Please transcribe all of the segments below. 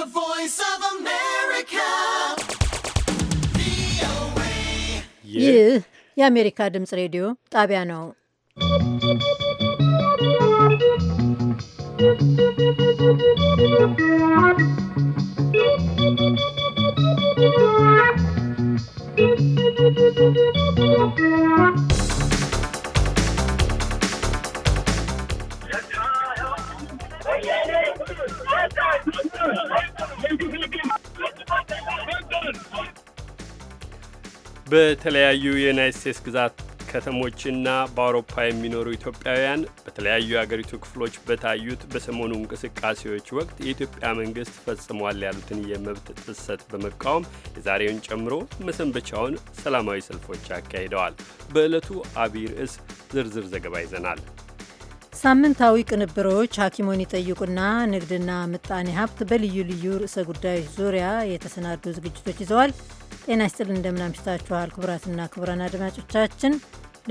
the voice of America. VOA. Yeah. የአሜሪካ ድምፅ ሬዲዮ ጣቢያ ነው። በተለያዩ የዩናይት ስቴትስ ግዛት ከተሞችና በአውሮፓ የሚኖሩ ኢትዮጵያውያን በተለያዩ የአገሪቱ ክፍሎች በታዩት በሰሞኑ እንቅስቃሴዎች ወቅት የኢትዮጵያ መንግስት ፈጽሟል ያሉትን የመብት ጥሰት በመቃወም የዛሬውን ጨምሮ መሰንበቻውን ሰላማዊ ሰልፎች አካሂደዋል። በዕለቱ አብይ ርዕስ ዝርዝር ዘገባ ይዘናል። ሳምንታዊ ቅንብሮች ሐኪሞን ይጠይቁና ንግድና ምጣኔ ሀብት በልዩ ልዩ ርዕሰ ጉዳዮች ዙሪያ የተሰናዱ ዝግጅቶች ይዘዋል። ጤና ይስጥል እንደምናምሽታችኋል ክቡራትና ክቡራን አድማጮቻችን።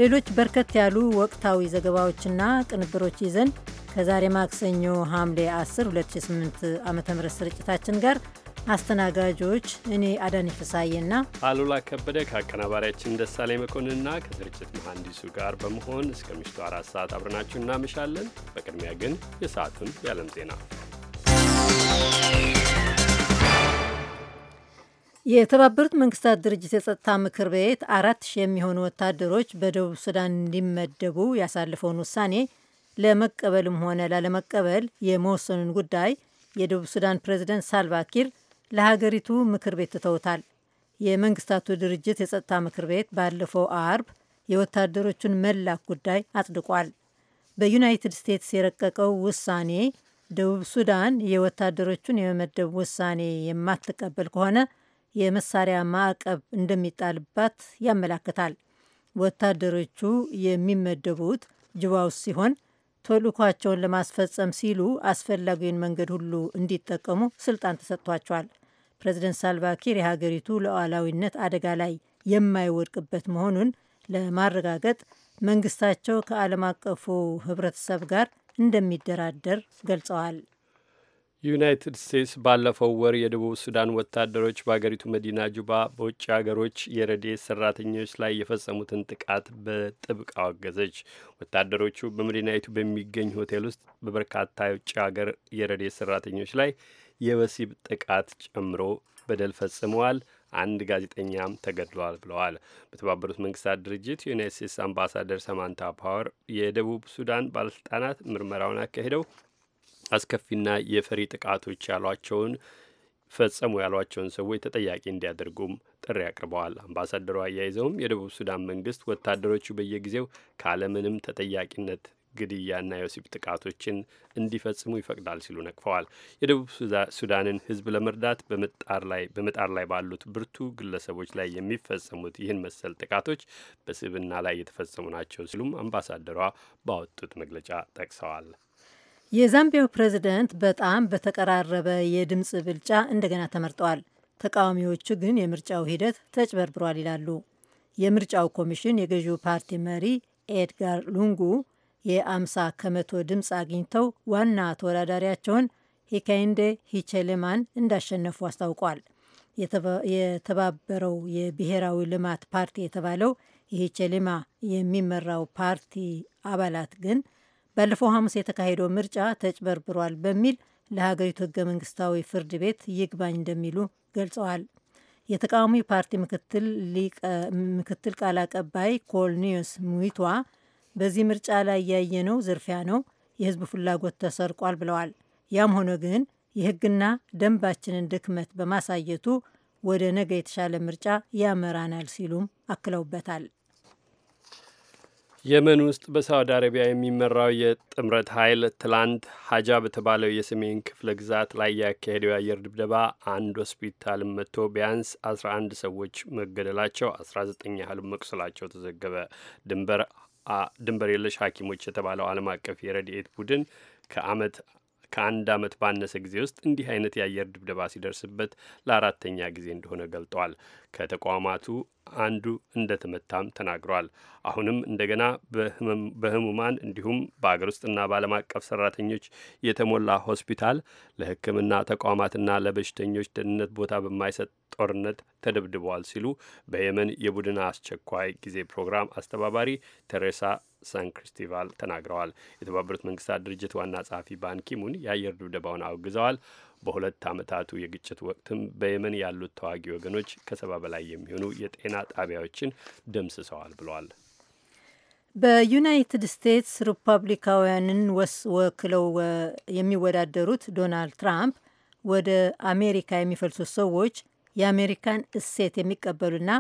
ሌሎች በርከት ያሉ ወቅታዊ ዘገባዎችና ቅንብሮች ይዘን ከዛሬ ማክሰኞ ሐምሌ 10 2008 ዓ ም ስርጭታችን ጋር አስተናጋጆች እኔ አዳኒ ፍሳዬና አሉላ ከበደ ከአቀናባሪያችን ደሳሌ መኮንንና ከስርጭት መሐንዲሱ ጋር በመሆን እስከ ምሽቱ አራት ሰዓት አብረናችሁ እናመሻለን። በቅድሚያ ግን የሰዓቱን የዓለም ዜና የተባበሩት መንግስታት ድርጅት የጸጥታ ምክር ቤት አራት ሺህ የሚሆኑ ወታደሮች በደቡብ ሱዳን እንዲመደቡ ያሳለፈውን ውሳኔ ለመቀበልም ሆነ ላለመቀበል የመወሰኑን ጉዳይ የደቡብ ሱዳን ፕሬዚደንት ሳልቫኪር ለሀገሪቱ ምክር ቤት ትተውታል። የመንግስታቱ ድርጅት የጸጥታ ምክር ቤት ባለፈው አርብ የወታደሮቹን መላክ ጉዳይ አጽድቋል። በዩናይትድ ስቴትስ የረቀቀው ውሳኔ ደቡብ ሱዳን የወታደሮቹን የመመደብ ውሳኔ የማትቀበል ከሆነ የመሳሪያ ማዕቀብ እንደሚጣልባት ያመላክታል። ወታደሮቹ የሚመደቡት ጅባ ውስጥ ሲሆን ተልእኳቸውን ለማስፈጸም ሲሉ አስፈላጊውን መንገድ ሁሉ እንዲጠቀሙ ስልጣን ተሰጥቷቸዋል። ፕሬዚደንት ሳልቫኪር የሀገሪቱ ሉዓላዊነት አደጋ ላይ የማይወድቅበት መሆኑን ለማረጋገጥ መንግስታቸው ከዓለም አቀፉ ህብረተሰብ ጋር እንደሚደራደር ገልጸዋል። ዩናይትድ ስቴትስ ባለፈው ወር የደቡብ ሱዳን ወታደሮች በአገሪቱ መዲና ጁባ በውጭ አገሮች የረድኤት ሰራተኞች ላይ የፈጸሙትን ጥቃት በጥብቅ አወገዘች። ወታደሮቹ በመዲናይቱ በሚገኝ ሆቴል ውስጥ በበርካታ የውጭ አገር የረድኤት ሰራተኞች ላይ የወሲብ ጥቃት ጨምሮ በደል ፈጽመዋል። አንድ ጋዜጠኛም ተገድሏል ብለዋል። በተባበሩት መንግስታት ድርጅት ዩናይት ስቴትስ አምባሳደር ሰማንታ ፓወር የደቡብ ሱዳን ባለስልጣናት ምርመራውን አካሂደው አስከፊና የፈሪ ጥቃቶች ያሏቸውን ፈጸሙ ያሏቸውን ሰዎች ተጠያቂ እንዲያደርጉም ጥሪ አቅርበዋል። አምባሳደሩ አያይዘውም የደቡብ ሱዳን መንግስት ወታደሮቹ በየጊዜው ካለምንም ተጠያቂነት ግድያና የወሲብ ጥቃቶችን እንዲፈጽሙ ይፈቅዳል ሲሉ ነቅፈዋል። የደቡብ ሱዳንን ሕዝብ ለመርዳት በመጣር ላይ ባሉት ብርቱ ግለሰቦች ላይ የሚፈጸሙት ይህን መሰል ጥቃቶች በስብና ላይ የተፈጸሙ ናቸው ሲሉም አምባሳደሯ ባወጡት መግለጫ ጠቅሰዋል። የዛምቢያው ፕሬዚደንት በጣም በተቀራረበ የድምፅ ብልጫ እንደገና ተመርጠዋል። ተቃዋሚዎቹ ግን የምርጫው ሂደት ተጭበርብሯል ይላሉ። የምርጫው ኮሚሽን የገዢው ፓርቲ መሪ ኤድጋር ሉንጉ የአምሳ ከመቶ ድምፅ አግኝተው ዋና ተወዳዳሪያቸውን ሂካይንዴ ሂቼሌማን እንዳሸነፉ አስታውቋል። የተባበረው የብሔራዊ ልማት ፓርቲ የተባለው የሂቼሌማ የሚመራው ፓርቲ አባላት ግን ባለፈው ሐሙስ የተካሄደው ምርጫ ተጭበርብሯል በሚል ለሀገሪቱ ህገ መንግስታዊ ፍርድ ቤት ይግባኝ እንደሚሉ ገልጸዋል። የተቃዋሚ ፓርቲ ምክትል ቃል አቀባይ ኮልኒዮስ ሙዊቷ በዚህ ምርጫ ላይ ያየነው ዝርፊያ ነው፣ የህዝብ ፍላጎት ተሰርቋል ብለዋል። ያም ሆኖ ግን የህግና ደንባችንን ድክመት በማሳየቱ ወደ ነገ የተሻለ ምርጫ ያመራናል ሲሉም አክለውበታል። የመን ውስጥ በሳውዲ አረቢያ የሚመራው የጥምረት ኃይል ትላንት ሀጃ በተባለው የሰሜን ክፍለ ግዛት ላይ ያካሄደው የአየር ድብደባ አንድ ሆስፒታል መጥቶ ቢያንስ 11 ሰዎች መገደላቸው 19 ያህል መቁሰላቸው ተዘገበ። ድንበር ድንበር የለሽ ሐኪሞች የተባለው ዓለም አቀፍ የረድኤት ቡድን ከአመት ከአንድ ዓመት ባነሰ ጊዜ ውስጥ እንዲህ አይነት የአየር ድብደባ ሲደርስበት ለአራተኛ ጊዜ እንደሆነ ገልጠዋል። ከተቋማቱ አንዱ እንደተመታም ተናግሯል። አሁንም እንደገና በህሙማን እንዲሁም በአገር ውስጥና በዓለም አቀፍ ሰራተኞች የተሞላ ሆስፒታል ለሕክምና ተቋማትና ለበሽተኞች ደህንነት ቦታ በማይሰጥ ጦርነት ተደብድበዋል ሲሉ በየመን የቡድን አስቸኳይ ጊዜ ፕሮግራም አስተባባሪ ቴሬሳ ክሪስቲቫል ተናግረዋል። የተባበሩት መንግስታት ድርጅት ዋና ጸሐፊ ባንኪሙን የአየር ድብደባውን አውግዘዋል። በሁለት ዓመታቱ የግጭት ወቅትም በየመን ያሉት ተዋጊ ወገኖች ከሰባ በላይ የሚሆኑ የጤና ጣቢያዎችን ደምስሰዋል ብለዋል። በዩናይትድ ስቴትስ ሪፐብሊካውያንን ወስ ወክለው የሚወዳደሩት ዶናልድ ትራምፕ ወደ አሜሪካ የሚፈልሱት ሰዎች የአሜሪካን እሴት የሚቀበሉና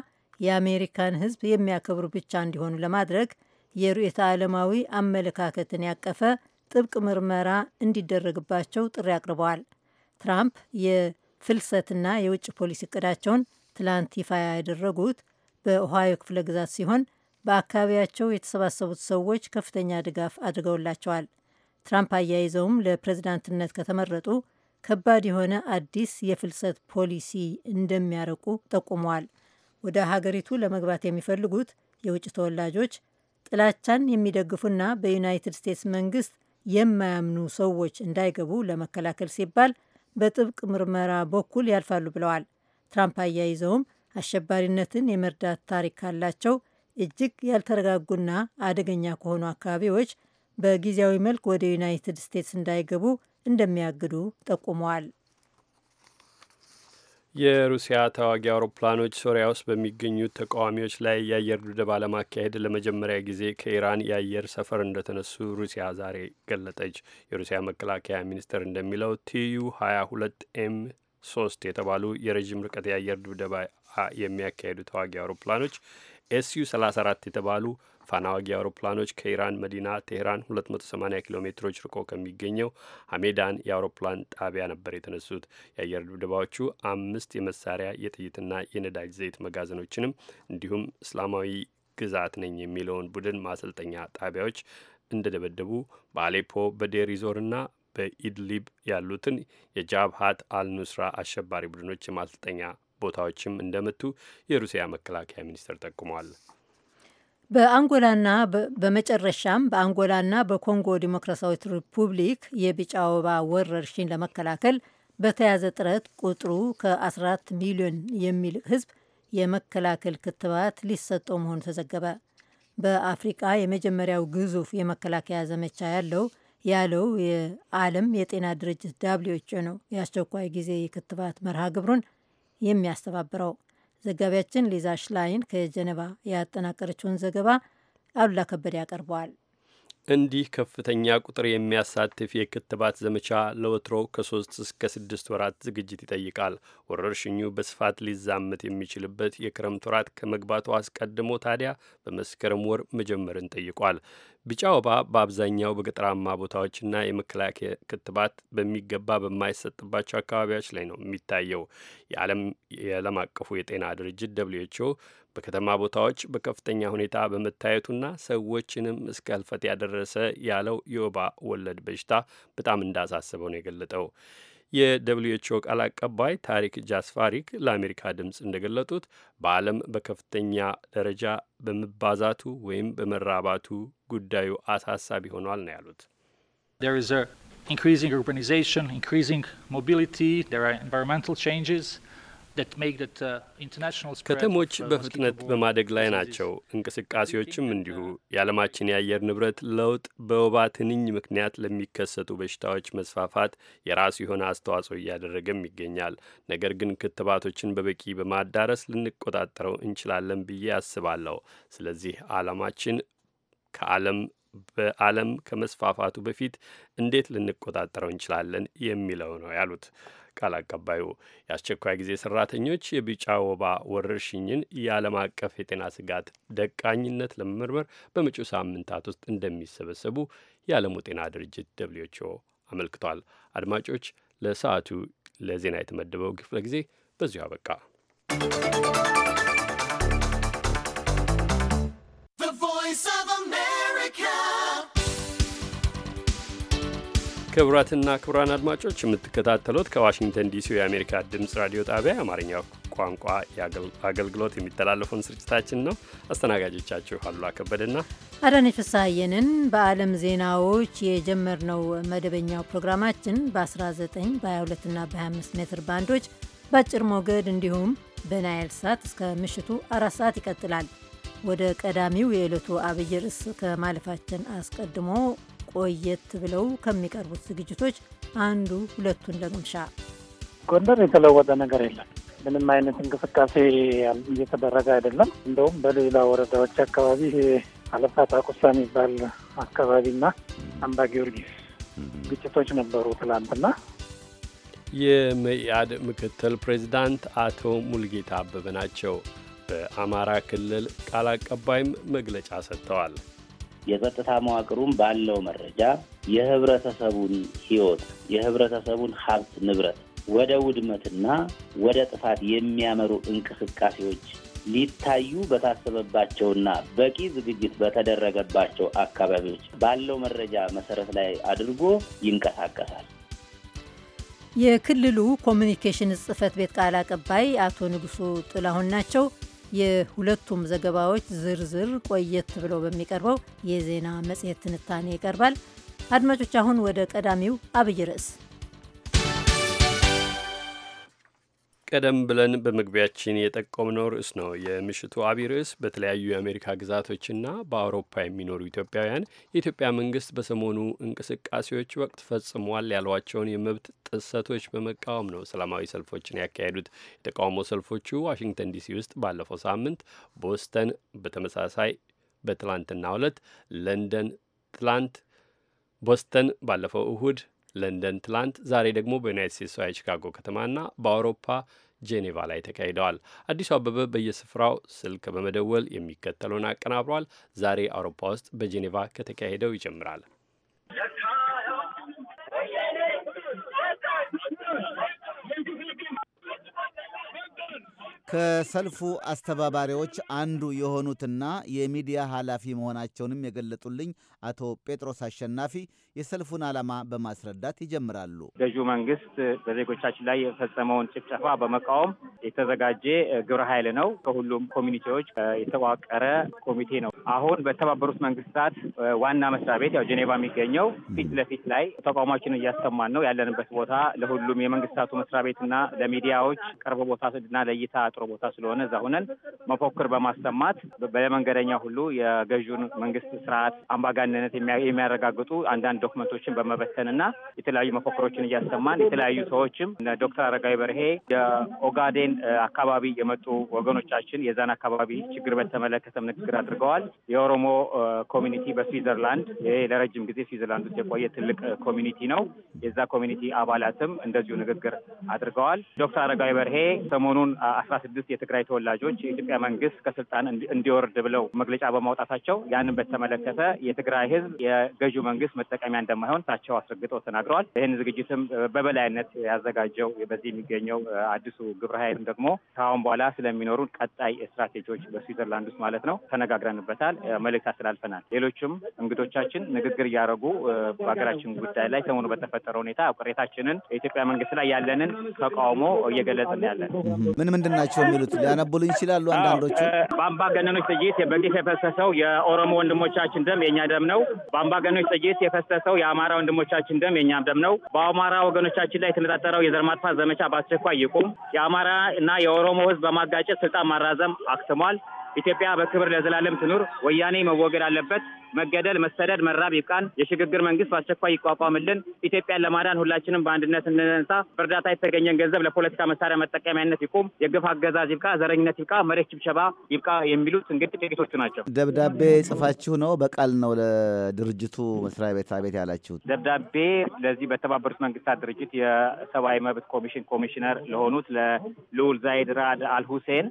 የአሜሪካን ሕዝብ የሚያከብሩ ብቻ እንዲሆኑ ለማድረግ የርዕዮተ ዓለማዊ አመለካከትን ያቀፈ ጥብቅ ምርመራ እንዲደረግባቸው ጥሪ አቅርበዋል። ትራምፕ የፍልሰትና የውጭ ፖሊሲ እቅዳቸውን ትላንት ይፋ ያደረጉት በኦሃዮ ክፍለ ግዛት ሲሆን በአካባቢያቸው የተሰባሰቡት ሰዎች ከፍተኛ ድጋፍ አድርገውላቸዋል። ትራምፕ አያይዘውም ለፕሬዝዳንትነት ከተመረጡ ከባድ የሆነ አዲስ የፍልሰት ፖሊሲ እንደሚያረቁ ጠቁመዋል። ወደ ሀገሪቱ ለመግባት የሚፈልጉት የውጭ ተወላጆች ጥላቻን የሚደግፉና በዩናይትድ ስቴትስ መንግስት የማያምኑ ሰዎች እንዳይገቡ ለመከላከል ሲባል በጥብቅ ምርመራ በኩል ያልፋሉ ብለዋል። ትራምፕ አያይዘውም አሸባሪነትን የመርዳት ታሪክ ካላቸው እጅግ ያልተረጋጉና አደገኛ ከሆኑ አካባቢዎች በጊዜያዊ መልክ ወደ ዩናይትድ ስቴትስ እንዳይገቡ እንደሚያግዱ ጠቁመዋል። የሩሲያ ተዋጊ አውሮፕላኖች ሶሪያ ውስጥ በሚገኙት ተቃዋሚዎች ላይ የአየር ድብደባ ለማካሄድ ለመጀመሪያ ጊዜ ከኢራን የአየር ሰፈር እንደተነሱ ሩሲያ ዛሬ ገለጠች። የሩሲያ መከላከያ ሚኒስቴር እንደሚለው ቲዩ 22 ኤም ሶስት የተባሉ የረዥም ርቀት የአየር ድብደባ የሚያካሄዱ ተዋጊ አውሮፕላኖች ኤስዩ 34 የተባሉ ፋና አውሮፕላኖች ከኢራን መዲና ቴህራን 280 ኪሎ ሜትሮች ርቆ ከሚገኘው ሀሜዳን የአውሮፕላን ጣቢያ ነበር የተነሱት። የአየር ድብደባዎቹ አምስት የመሳሪያ የጥይትና የነዳጅ ዘይት መጋዘኖችንም እንዲሁም እስላማዊ ግዛት ነኝ የሚለውን ቡድን ማሰልጠኛ ጣቢያዎች እንደደበደቡ በአሌፖ በዴሪዞርና በኢድሊብ ያሉትን የጃብሃት አልኑስራ አሸባሪ ቡድኖች የማሰልጠኛ ቦታዎችም እንደመቱ የሩሲያ መከላከያ ሚኒስቴር ጠቁሟል። በአንጎላና በመጨረሻም በአንጎላና በኮንጎ ዲሞክራሲያዊት ሪፑብሊክ የቢጫ ወባ ወረርሽኝ ለመከላከል በተያዘ ጥረት ቁጥሩ ከ14 ሚሊዮን የሚል ህዝብ የመከላከል ክትባት ሊሰጠው መሆኑ ተዘገበ። በአፍሪቃ የመጀመሪያው ግዙፍ የመከላከያ ዘመቻ ያለው ያለው የዓለም የጤና ድርጅት ዳብሊው ነው የአስቸኳይ ጊዜ የክትባት መርሃ ግብሩን የሚያስተባብረው። ዘጋቢያችን ሊዛ ሽላይን ከጀኔቫ ያጠናቀረችውን ዘገባ አሉላ ከበደ ያቀርበዋል። እንዲህ ከፍተኛ ቁጥር የሚያሳትፍ የክትባት ዘመቻ ለወትሮ ከሶስት እስከ ስድስት ወራት ዝግጅት ይጠይቃል። ወረርሽኙ በስፋት ሊዛመት የሚችልበት የክረምት ወራት ከመግባቱ አስቀድሞ ታዲያ በመስከረም ወር መጀመርን ጠይቋል። ቢጫ ወባ በአብዛኛው በገጠራማ ቦታዎችና የመከላከያ ክትባት በሚገባ በማይሰጥባቸው አካባቢዎች ላይ ነው የሚታየው። የዓለም አቀፉ የጤና ድርጅት ደብሊው በከተማ ቦታዎች በከፍተኛ ሁኔታ በመታየቱና ሰዎችንም እስከ ህልፈት ያደረሰ ያለው የወባ ወለድ በሽታ በጣም እንዳሳሰበው ነው የገለጠው። የደብሊዩ ኤች ኦ ቃል አቀባይ ታሪክ ጃስፋሪክ ለአሜሪካ ድምፅ እንደገለጡት በዓለም በከፍተኛ ደረጃ በመባዛቱ ወይም በመራባቱ ጉዳዩ አሳሳቢ ሆኗል ነው ያሉት። ኢንክሪዚንግ ኡርባናይዜሽን ኢንክሪዚንግ ሞቢሊቲ ኢንቫይሮንመንታል ቼንጅስ Uh, ከተሞች በፍጥነት በማደግ ላይ ናቸው። እንቅስቃሴዎችም እንዲሁ። uh, የዓለማችን የአየር ንብረት ለውጥ በወባ ትንኝ ምክንያት ለሚከሰቱ በሽታዎች መስፋፋት የራሱ የሆነ አስተዋጽኦ እያደረገም ይገኛል። ነገር ግን ክትባቶችን በበቂ በማዳረስ ልንቆጣጠረው እንችላለን ብዬ አስባለሁ። ስለዚህ ዓላማችን ከዓለም በዓለም ከመስፋፋቱ በፊት እንዴት ልንቆጣጠረው እንችላለን የሚለው ነው ያሉት። ቃል አቀባዩ የአስቸኳይ ጊዜ ሰራተኞች የቢጫ ወባ ወረርሽኝን የዓለም አቀፍ የጤና ስጋት ደቃኝነት ለመመርመር በመጪው ሳምንታት ውስጥ እንደሚሰበሰቡ የዓለሙ ጤና ድርጅት ደብሊውኤችኦ አመልክቷል። አድማጮች፣ ለሰዓቱ ለዜና የተመደበው ክፍለ ጊዜ በዚሁ አበቃ። ክቡራትና ክቡራን አድማጮች የምትከታተሉት ከዋሽንግተን ዲሲ የአሜሪካ ድምፅ ራዲዮ ጣቢያ የአማርኛ ቋንቋ አገልግሎት የሚተላለፈውን ስርጭታችን ነው። አስተናጋጆቻችሁ አሉላ ከበደና አዳነች ፍስሐየንን በዓለም ዜናዎች የጀመርነው መደበኛው ፕሮግራማችን በ19 በ22ና በ25 ሜትር ባንዶች በአጭር ሞገድ እንዲሁም በናይል ሳት እስከ ምሽቱ አራት ሰዓት ይቀጥላል። ወደ ቀዳሚው የዕለቱ አብይ ርዕስ ከማለፋችን አስቀድሞ ቆየት ብለው ከሚቀርቡት ዝግጅቶች አንዱ ሁለቱን ለመምሻ ጎንደር የተለወጠ ነገር የለም። ምንም አይነት እንቅስቃሴ እየተደረገ አይደለም። እንደውም በሌላ ወረዳዎች አካባቢ አለፋ ጣቁሳ የሚባል አካባቢና አምባ ጊዮርጊስ ግጭቶች ነበሩ ትላንትና። የመኢአድ ምክትል ፕሬዚዳንት አቶ ሙልጌታ አበበ ናቸው። በአማራ ክልል ቃል አቀባይም መግለጫ ሰጥተዋል። የጸጥታ መዋቅሩም ባለው መረጃ የህብረተሰቡን ህይወት የህብረተሰቡን ሀብት ንብረት ወደ ውድመትና ወደ ጥፋት የሚያመሩ እንቅስቃሴዎች ሊታዩ በታሰበባቸውና በቂ ዝግጅት በተደረገባቸው አካባቢዎች ባለው መረጃ መሰረት ላይ አድርጎ ይንቀሳቀሳል። የክልሉ ኮሚኒኬሽን ጽህፈት ቤት ቃል አቀባይ አቶ ንጉሱ ጥላሁን ናቸው። የሁለቱም ዘገባዎች ዝርዝር ቆየት ብሎ በሚቀርበው የዜና መጽሔት ትንታኔ ይቀርባል። አድማጮች፣ አሁን ወደ ቀዳሚው አብይ ርዕስ ቀደም ብለን በመግቢያችን የጠቆምነው ርዕስ ነው የምሽቱ አቢይ ርዕስ። በተለያዩ የአሜሪካ ግዛቶችና በአውሮፓ የሚኖሩ ኢትዮጵያውያን የኢትዮጵያ መንግስት በሰሞኑ እንቅስቃሴዎች ወቅት ፈጽሟል ያሏቸውን የመብት ጥሰቶች በመቃወም ነው ሰላማዊ ሰልፎችን ያካሄዱት። የተቃውሞ ሰልፎቹ ዋሽንግተን ዲሲ ውስጥ ባለፈው ሳምንት፣ ቦስተን በተመሳሳይ በትላንትና ዕለት፣ ለንደን ትላንት፣ ቦስተን ባለፈው እሁድ ለንደን ትላንት፣ ዛሬ ደግሞ በዩናይት ስቴትሷ የቺካጎ ከተማና በአውሮፓ ጄኔቫ ላይ ተካሂደዋል። አዲሱ አበበ በየስፍራው ስልክ በመደወል የሚከተለውን አቀናብሯል። ዛሬ አውሮፓ ውስጥ በጄኔቫ ከተካሄደው ይጀምራል። ከሰልፉ አስተባባሪዎች አንዱ የሆኑትና የሚዲያ ኃላፊ መሆናቸውንም የገለጡልኝ አቶ ጴጥሮስ አሸናፊ የሰልፉን ዓላማ በማስረዳት ይጀምራሉ። ገዢው መንግስት በዜጎቻችን ላይ የፈጸመውን ጭፍጨፋ በመቃወም የተዘጋጀ ግብረ ኃይል ነው። ከሁሉም ኮሚኒቲዎች የተዋቀረ ኮሚቴ ነው። አሁን በተባበሩት መንግስታት ዋና መስሪያ ቤት ያው ጄኔቫ የሚገኘው ፊት ለፊት ላይ ተቃውሟችንን እያሰማን ነው። ያለንበት ቦታ ለሁሉም የመንግስታቱ መስሪያ ቤትና ለሚዲያዎች ቅርብ ቦታ እና ለእይታ ጥሩ ቦታ ስለሆነ እዛ ሁነን መፎክር በማሰማት በመንገደኛ ሁሉ የገዢውን መንግስት ስርዓት አምባጋንነት የሚያረጋግጡ አንዳንድ ዶክመንቶችን በመበተን እና የተለያዩ መፈክሮችን እያሰማን የተለያዩ ሰዎችም ዶክተር አረጋዊ በርሄ የኦጋዴን አካባቢ የመጡ ወገኖቻችን የዛን አካባቢ ችግር በተመለከተም ንግግር አድርገዋል። የኦሮሞ ኮሚኒቲ በስዊዘርላንድ ይሄ ለረጅም ጊዜ ስዊዘርላንድ ውስጥ የቆየ ትልቅ ኮሚኒቲ ነው። የዛ ኮሚኒቲ አባላትም እንደዚሁ ንግግር አድርገዋል። ዶክተር አረጋዊ በርሄ ሰሞኑን አስራ ስድስት የትግራይ ተወላጆች የኢትዮጵያ መንግስት ከስልጣን እንዲወርድ ብለው መግለጫ በማውጣታቸው ያንን በተመለከተ የትግራይ ህዝብ የገዢው መንግስት መጠቀሚያ መጠቀሚያ እንደማይሆን ታቸው አስረግጠው ተናግረዋል። ይህን ዝግጅትም በበላይነት ያዘጋጀው በዚህ የሚገኘው አዲሱ ግብረ ኃይልም ደግሞ ከአሁን በኋላ ስለሚኖሩ ቀጣይ ስትራቴጂዎች በስዊዘርላንድ ውስጥ ማለት ነው ተነጋግረንበታል፣ መልእክት አስተላልፈናል። ሌሎችም እንግዶቻችን ንግግር እያደረጉ በሀገራችን ጉዳይ ላይ ሰሞኑ በተፈጠረ ሁኔታ ቅሬታችንን የኢትዮጵያ መንግስት ላይ ያለንን ተቃውሞ እየገለጽን ያለን ምን ምንድን ናቸው የሚሉት ሊያነቡልን ይችላሉ። አንዳንዶቹ በአምባገነኖች ጥይት በግፍ የፈሰሰው የኦሮሞ ወንድሞቻችን ደም የእኛ ደም ነው። በአምባገነኖች ጥይት የፈሰሰ የሚያለቅሰው የአማራ ወንድሞቻችን ደም የእኛም ደም ነው። በአማራ ወገኖቻችን ላይ የተነጣጠረው የዘር ማጥፋት ዘመቻ በአስቸኳይ ይቁም። የአማራ እና የኦሮሞ ህዝብ በማጋጨት ስልጣን ማራዘም አክትሟል። ኢትዮጵያ በክብር ለዘላለም ትኑር። ወያኔ መወገድ አለበት። መገደል፣ መሰደድ፣ መራብ ይብቃን። የሽግግር መንግስት በአስቸኳይ ይቋቋምልን። ኢትዮጵያን ለማዳን ሁላችንም በአንድነት እንነሳ። በእርዳታ የተገኘን ገንዘብ ለፖለቲካ መሳሪያ መጠቀሚያነት ይቁም። የግፍ አገዛዝ ይብቃ፣ ዘረኝነት ይብቃ፣ መሬት ችብሸባ ይብቃ የሚሉት እንግዲህ ጥቂቶቹ ናቸው። ደብዳቤ ጽፋችሁ ነው በቃል ነው ለድርጅቱ መስሪያ ቤት ቤት ያላችሁት ደብዳቤ ለዚህ በተባበሩት መንግስታት ድርጅት የሰብአዊ መብት ኮሚሽን ኮሚሽነር ለሆኑት ለልዑል ዛይድ ራድ አልሁሴን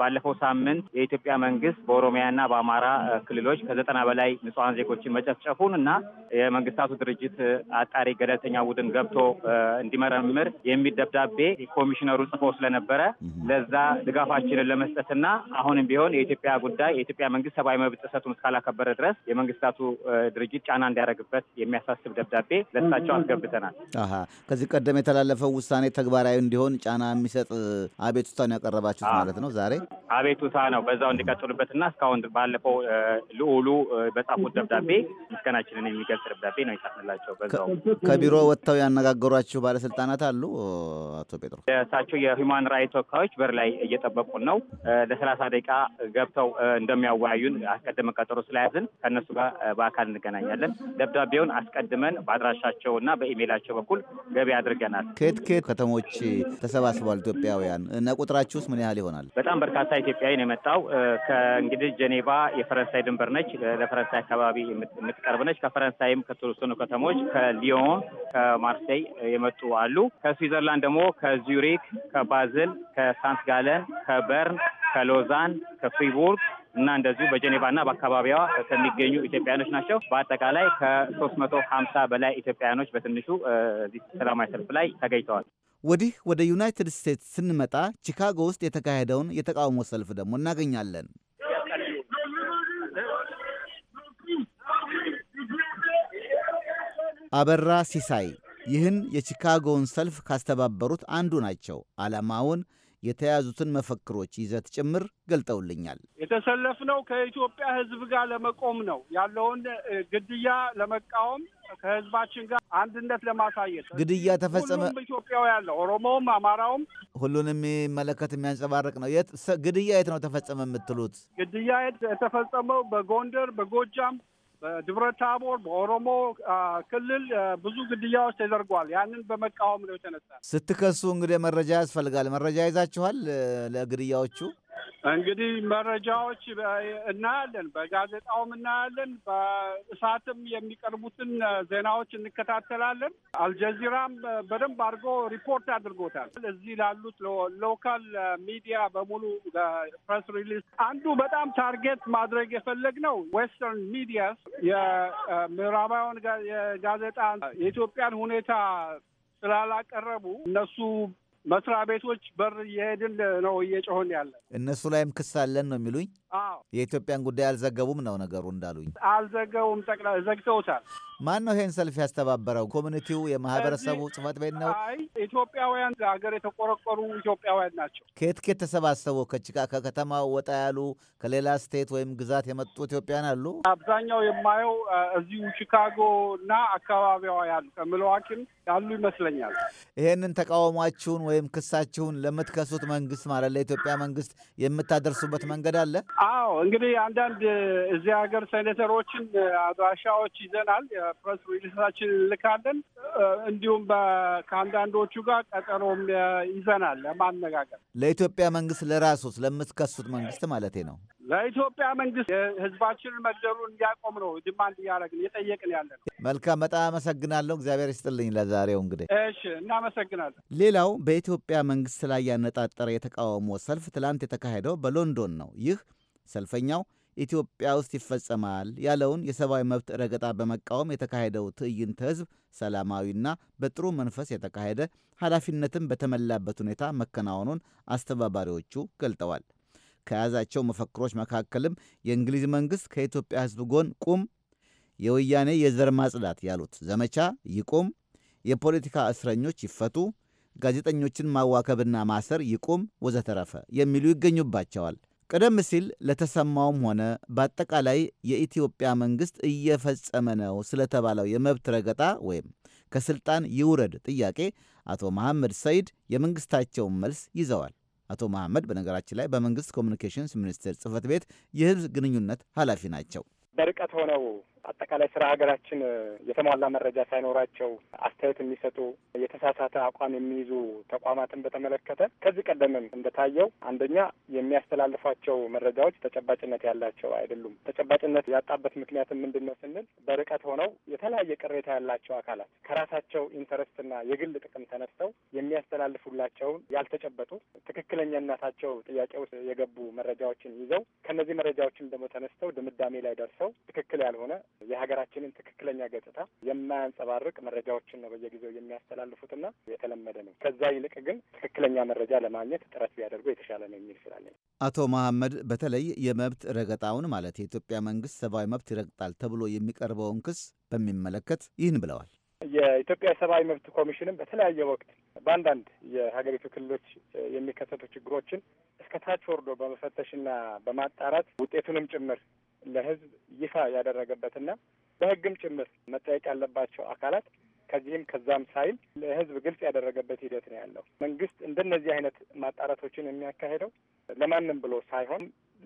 ባለፈው ሳምንት የኢትዮጵያ መንግስት በኦሮሚያና በአማራ ክልሎች ከዘጠና በላይ ንጹሐን ዜጎችን መጨፍጨፉን እና የመንግስታቱ ድርጅት አጣሪ ገለልተኛ ቡድን ገብቶ እንዲመረምር የሚል ደብዳቤ ኮሚሽነሩ ጽፎ ስለነበረ ለዛ ድጋፋችንን ለመስጠትና አሁንም ቢሆን የኢትዮጵያ ጉዳይ የኢትዮጵያ መንግስት ሰብአዊ መብት ጥሰቱን እስካላከበረ ድረስ የመንግስታቱ ድርጅት ጫና እንዲያደርግበት የሚያሳስብ ደብዳቤ ለሳቸው አስገብተናል። ከዚህ ቀደም የተላለፈው ውሳኔ ተግባራዊ እንዲሆን ጫና የሚሰጥ አቤቱታን ያቀረባችሁት ማለት ነው። ዛሬ አቤቱታ ነው በዛው እንዲቀጥሉበትና እስካሁን ባለፈው ልዑሉ በጻፉት ደብዳቤ ምስጋናችንን የሚገልጽ ደብዳቤ ነው የጻፍንላቸው። በዛው ከቢሮ ወጥተው ያነጋገሯችሁ ባለስልጣናት አሉ። አቶ ጴጥሮስ እሳቸው የሂውማን ራይት ተወካዮች በር ላይ እየጠበቁን ነው። ለሰላሳ ደቂቃ ገብተው እንደሚያወያዩን አስቀድመን ቀጠሮ ስለያዝን ከእነሱ ጋር በአካል እንገናኛለን። ደብዳቤውን አስቀድመን በአድራሻቸው እና በኢሜይላቸው በኩል ገቢ አድርገናል። ከየት ከየት ከተሞች ተሰባስበዋል ኢትዮጵያውያን እና ቁጥራችሁስ ምን ያህል ይሆናል? በጣም በርካታ ኢትዮጵያዊ ነው የመጣው። ከእንግዲህ ጀኔቫ የፈረንሳይ ድንበር ነች። ለፈረንሳይ አካባቢ የምትቀርብ ነች። ከፈረንሳይም ከተወሰኑ ከተሞች ከሊዮን፣ ከማርሴይ የመጡ አሉ። ከስዊዘርላንድ ደግሞ ከዙሪክ፣ ከባዝል፣ ከሳንት ጋለን፣ ከበርን፣ ከሎዛን፣ ከፍሪቡርግ እና እንደዚሁ በጀኔቫ እና በአካባቢዋ ከሚገኙ ኢትዮጵያኖች ናቸው። በአጠቃላይ ከሶስት መቶ ሀምሳ በላይ ኢትዮጵያያኖች በትንሹ እዚህ ሰላማዊ ሰልፍ ላይ ተገኝተዋል። ወዲህ ወደ ዩናይትድ ስቴትስ ስንመጣ ቺካጎ ውስጥ የተካሄደውን የተቃውሞ ሰልፍ ደግሞ እናገኛለን። አበራ ሲሳይ ይህን የቺካጎውን ሰልፍ ካስተባበሩት አንዱ ናቸው። ዓላማውን የተያዙትን መፈክሮች ይዘት ጭምር ገልጠውልኛል። የተሰለፍነው ከኢትዮጵያ ሕዝብ ጋር ለመቆም ነው። ያለውን ግድያ ለመቃወም ከሕዝባችን ጋር አንድነት ለማሳየት ግድያ ተፈጸመ። ሁሉም ኢትዮጵያው ያለው ኦሮሞውም፣ አማራውም ሁሉንም የሚመለከት የሚያንጸባርቅ ነው። ግድያ የት ነው ተፈጸመ የምትሉት? ግድያ የተፈጸመው በጎንደር፣ በጎጃም፣ በድብረ ታቦር በኦሮሞ ክልል ብዙ ግድያዎች ተደርጓል። ያንን በመቃወም ነው የተነሳ። ስትከሱ እንግዲህ መረጃ ያስፈልጋል። መረጃ ይዛችኋል ለግድያዎቹ? እንግዲህ መረጃዎች እናያለን፣ በጋዜጣውም እናያለን፣ በእሳትም የሚቀርቡትን ዜናዎች እንከታተላለን። አልጀዚራም በደንብ አድርጎ ሪፖርት አድርጎታል። እዚህ ላሉት ሎካል ሚዲያ በሙሉ ፕሬስ ሪሊስ አንዱ በጣም ታርጌት ማድረግ የፈለግ ነው ዌስተርን ሚዲያስ የምዕራባውያን የጋዜጣ የኢትዮጵያን ሁኔታ ስላላቀረቡ እነሱ መስሪያ ቤቶች በር እየሄድን ነው እየጮሆን ያለ እነሱ ላይም ክስ አለን ነው የሚሉኝ። አዎ የኢትዮጵያን ጉዳይ አልዘገቡም ነው ነገሩ እንዳሉኝ። አልዘገቡም፣ ጠቅላ ዘግተውታል። ማን ነው ይሄን ሰልፍ ያስተባበረው? ኮሚኒቲው፣ የማህበረሰቡ ጽህፈት ቤት ነው? አይ ኢትዮጵያውያን ሀገር የተቆረቆሩ ኢትዮጵያውያን ናቸው። ከየት ከየት ተሰባሰቡ? ከከተማው ወጣ ያሉ ከሌላ ስቴት ወይም ግዛት የመጡ ኢትዮጵያን አሉ? አብዛኛው የማየው እዚሁ ቺካጎ እና አካባቢዋ ያሉ ከሚልዋኪም ያሉ ይመስለኛል። ይሄንን ተቃውሟችሁን ወይም ክሳችሁን ለምትከሱት መንግስት ማለት ለኢትዮጵያ መንግስት የምታደርሱበት መንገድ አለ? አዎ እንግዲህ አንዳንድ እዚህ ሀገር ሴኔተሮችን አድራሻዎች ይዘናል በፕሬስ ሪሊሳችን ልካለን። እንዲሁም ከአንዳንዶቹ ጋር ቀጠሮም ይዘናል ለማነጋገር። ለኢትዮጵያ መንግስት ለራሱ ስለምትከሱት መንግስት ማለት ነው። ለኢትዮጵያ መንግስት ህዝባችንን መግደሉ እንዲያቆም ነው ዲማንድ እያደረግን እየጠየቅን ያለ ነው። መልካም በጣም አመሰግናለሁ። እግዚአብሔር ይስጥልኝ ለዛሬው እንግዲህ። እሺ እናመሰግናለን። ሌላው በኢትዮጵያ መንግስት ላይ ያነጣጠረ የተቃውሞ ሰልፍ ትላንት የተካሄደው በሎንዶን ነው። ይህ ሰልፈኛው ኢትዮጵያ ውስጥ ይፈጸማል ያለውን የሰብአዊ መብት ረገጣ በመቃወም የተካሄደው ትዕይንተ ሕዝብ ሰላማዊና በጥሩ መንፈስ የተካሄደ ኃላፊነትን በተሞላበት ሁኔታ መከናወኑን አስተባባሪዎቹ ገልጠዋል። ከያዛቸው መፈክሮች መካከልም የእንግሊዝ መንግሥት ከኢትዮጵያ ሕዝብ ጎን ቁም፣ የወያኔ የዘር ማጽዳት ያሉት ዘመቻ ይቁም፣ የፖለቲካ እስረኞች ይፈቱ፣ ጋዜጠኞችን ማዋከብና ማሰር ይቁም፣ ወዘተረፈ የሚሉ ይገኙባቸዋል። ቀደም ሲል ለተሰማውም ሆነ በአጠቃላይ የኢትዮጵያ መንግሥት እየፈጸመ ነው ስለተባለው የመብት ረገጣ ወይም ከሥልጣን ይውረድ ጥያቄ አቶ መሐመድ ሰይድ የመንግሥታቸውን መልስ ይዘዋል። አቶ መሐመድ በነገራችን ላይ በመንግሥት ኮሚኒኬሽንስ ሚኒስቴር ጽሕፈት ቤት የሕዝብ ግንኙነት ኃላፊ ናቸው። በርቀት ሆነው አጠቃላይ ስራ ሀገራችን የተሟላ መረጃ ሳይኖራቸው አስተያየት የሚሰጡ የተሳሳተ አቋም የሚይዙ ተቋማትን በተመለከተ ከዚህ ቀደምም እንደታየው አንደኛ የሚያስተላልፏቸው መረጃዎች ተጨባጭነት ያላቸው አይደሉም። ተጨባጭነት ያጣበት ምክንያትም ምንድን ነው ስንል በርቀት ሆነው የተለያየ ቅሬታ ያላቸው አካላት ከራሳቸው ኢንተረስትና የግል ጥቅም ተነስተው የሚያስተላልፉላቸውን ያልተጨበጡ ትክክለኛነታቸው ጥያቄ ውስጥ የገቡ መረጃዎችን ይዘው ከነዚህ መረጃዎችን ደግሞ ተነስተው ድምዳሜ ላይ ደርሰው ትክክል ያልሆነ የሀገራችንን ትክክለኛ ገጽታ የማያንጸባርቅ መረጃዎችን ነው በየጊዜው የሚያስተላልፉትና የተለመደ ነው። ከዛ ይልቅ ግን ትክክለኛ መረጃ ለማግኘት ጥረት ቢያደርጉ የተሻለ ነው የሚል ስላለኝ አቶ መሐመድ በተለይ የመብት ረገጣውን ማለት የኢትዮጵያ መንግስት ሰብአዊ መብት ይረግጣል ተብሎ የሚቀርበውን ክስ በሚመለከት ይህን ብለዋል። የኢትዮጵያ ሰብአዊ መብት ኮሚሽንም በተለያየ ወቅት በአንዳንድ የሀገሪቱ ክልሎች የሚከሰቱ ችግሮችን እስከ ታች ወርዶ በመፈተሽና በማጣራት ውጤቱንም ጭምር ለህዝብ ይፋ ያደረገበትና በህግም ጭምር መጠየቅ ያለባቸው አካላት ከዚህም ከዛም ሳይል ለህዝብ ግልጽ ያደረገበት ሂደት ነው ያለው። መንግስት እንደነዚህ አይነት ማጣራቶችን የሚያካሄደው ለማንም ብሎ ሳይሆን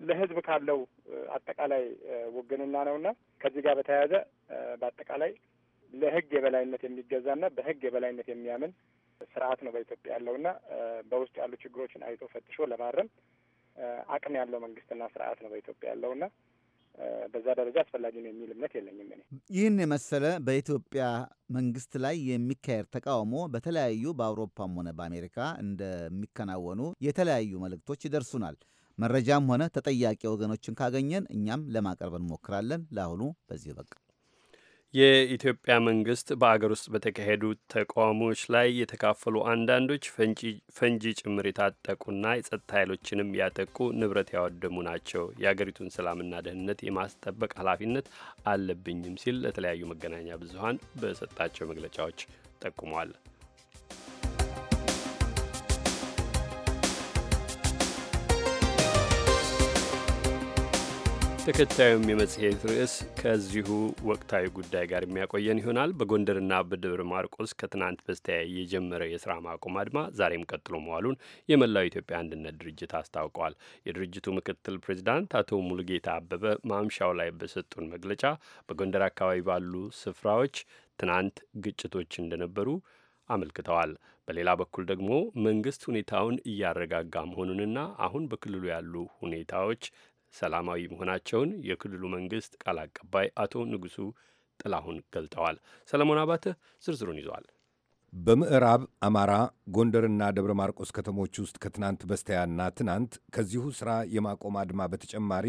ለህዝብ ካለው አጠቃላይ ውግንና ነውና ከዚህ ጋር በተያያዘ በአጠቃላይ ለህግ የበላይነት የሚገዛና በህግ የበላይነት የሚያምን ስርዓት ነው በኢትዮጵያ ያለውና በውስጡ ያሉ ችግሮችን አይቶ ፈትሾ ለማረም አቅም ያለው መንግስትና ስርዓት ነው በኢትዮጵያ ያለውና በዛ ደረጃ አስፈላጊ ነው የሚል እምነት የለኝም። እኔ ይህን የመሰለ በኢትዮጵያ መንግስት ላይ የሚካሄድ ተቃውሞ በተለያዩ በአውሮፓም ሆነ በአሜሪካ እንደሚከናወኑ የተለያዩ መልእክቶች ይደርሱናል። መረጃም ሆነ ተጠያቂ ወገኖችን ካገኘን እኛም ለማቀርብ እንሞክራለን። ለአሁኑ በዚህ በቃ። የኢትዮጵያ መንግስት በአገር ውስጥ በተካሄዱ ተቃውሞዎች ላይ የተካፈሉ አንዳንዶች ፈንጂ ጭምር የታጠቁና የጸጥታ ኃይሎችንም ያጠቁ ንብረት ያወደሙ ናቸው፣ የአገሪቱን ሰላምና ደህንነት የማስጠበቅ ኃላፊነት አለብኝም ሲል ለተለያዩ መገናኛ ብዙኃን በሰጣቸው መግለጫዎች ጠቁሟል። ተከታዩም የመጽሔት ርዕስ ከዚሁ ወቅታዊ ጉዳይ ጋር የሚያቆየን ይሆናል። በጎንደርና በደብረ ማርቆስ ከትናንት በስቲያ የጀመረ የስራ ማቆም አድማ ዛሬም ቀጥሎ መዋሉን የመላው ኢትዮጵያ አንድነት ድርጅት አስታውቋል። የድርጅቱ ምክትል ፕሬዚዳንት አቶ ሙሉጌታ አበበ ማምሻው ላይ በሰጡን መግለጫ በጎንደር አካባቢ ባሉ ስፍራዎች ትናንት ግጭቶች እንደነበሩ አመልክተዋል። በሌላ በኩል ደግሞ መንግስት ሁኔታውን እያረጋጋ መሆኑንና አሁን በክልሉ ያሉ ሁኔታዎች ሰላማዊ መሆናቸውን የክልሉ መንግስት ቃል አቀባይ አቶ ንጉሱ ጥላሁን ገልጠዋል። ሰለሞን አባተ ዝርዝሩን ይዘዋል። በምዕራብ አማራ ጎንደርና ደብረ ማርቆስ ከተሞች ውስጥ ከትናንት በስቲያና ትናንት ከዚሁ ሥራ የማቆም አድማ በተጨማሪ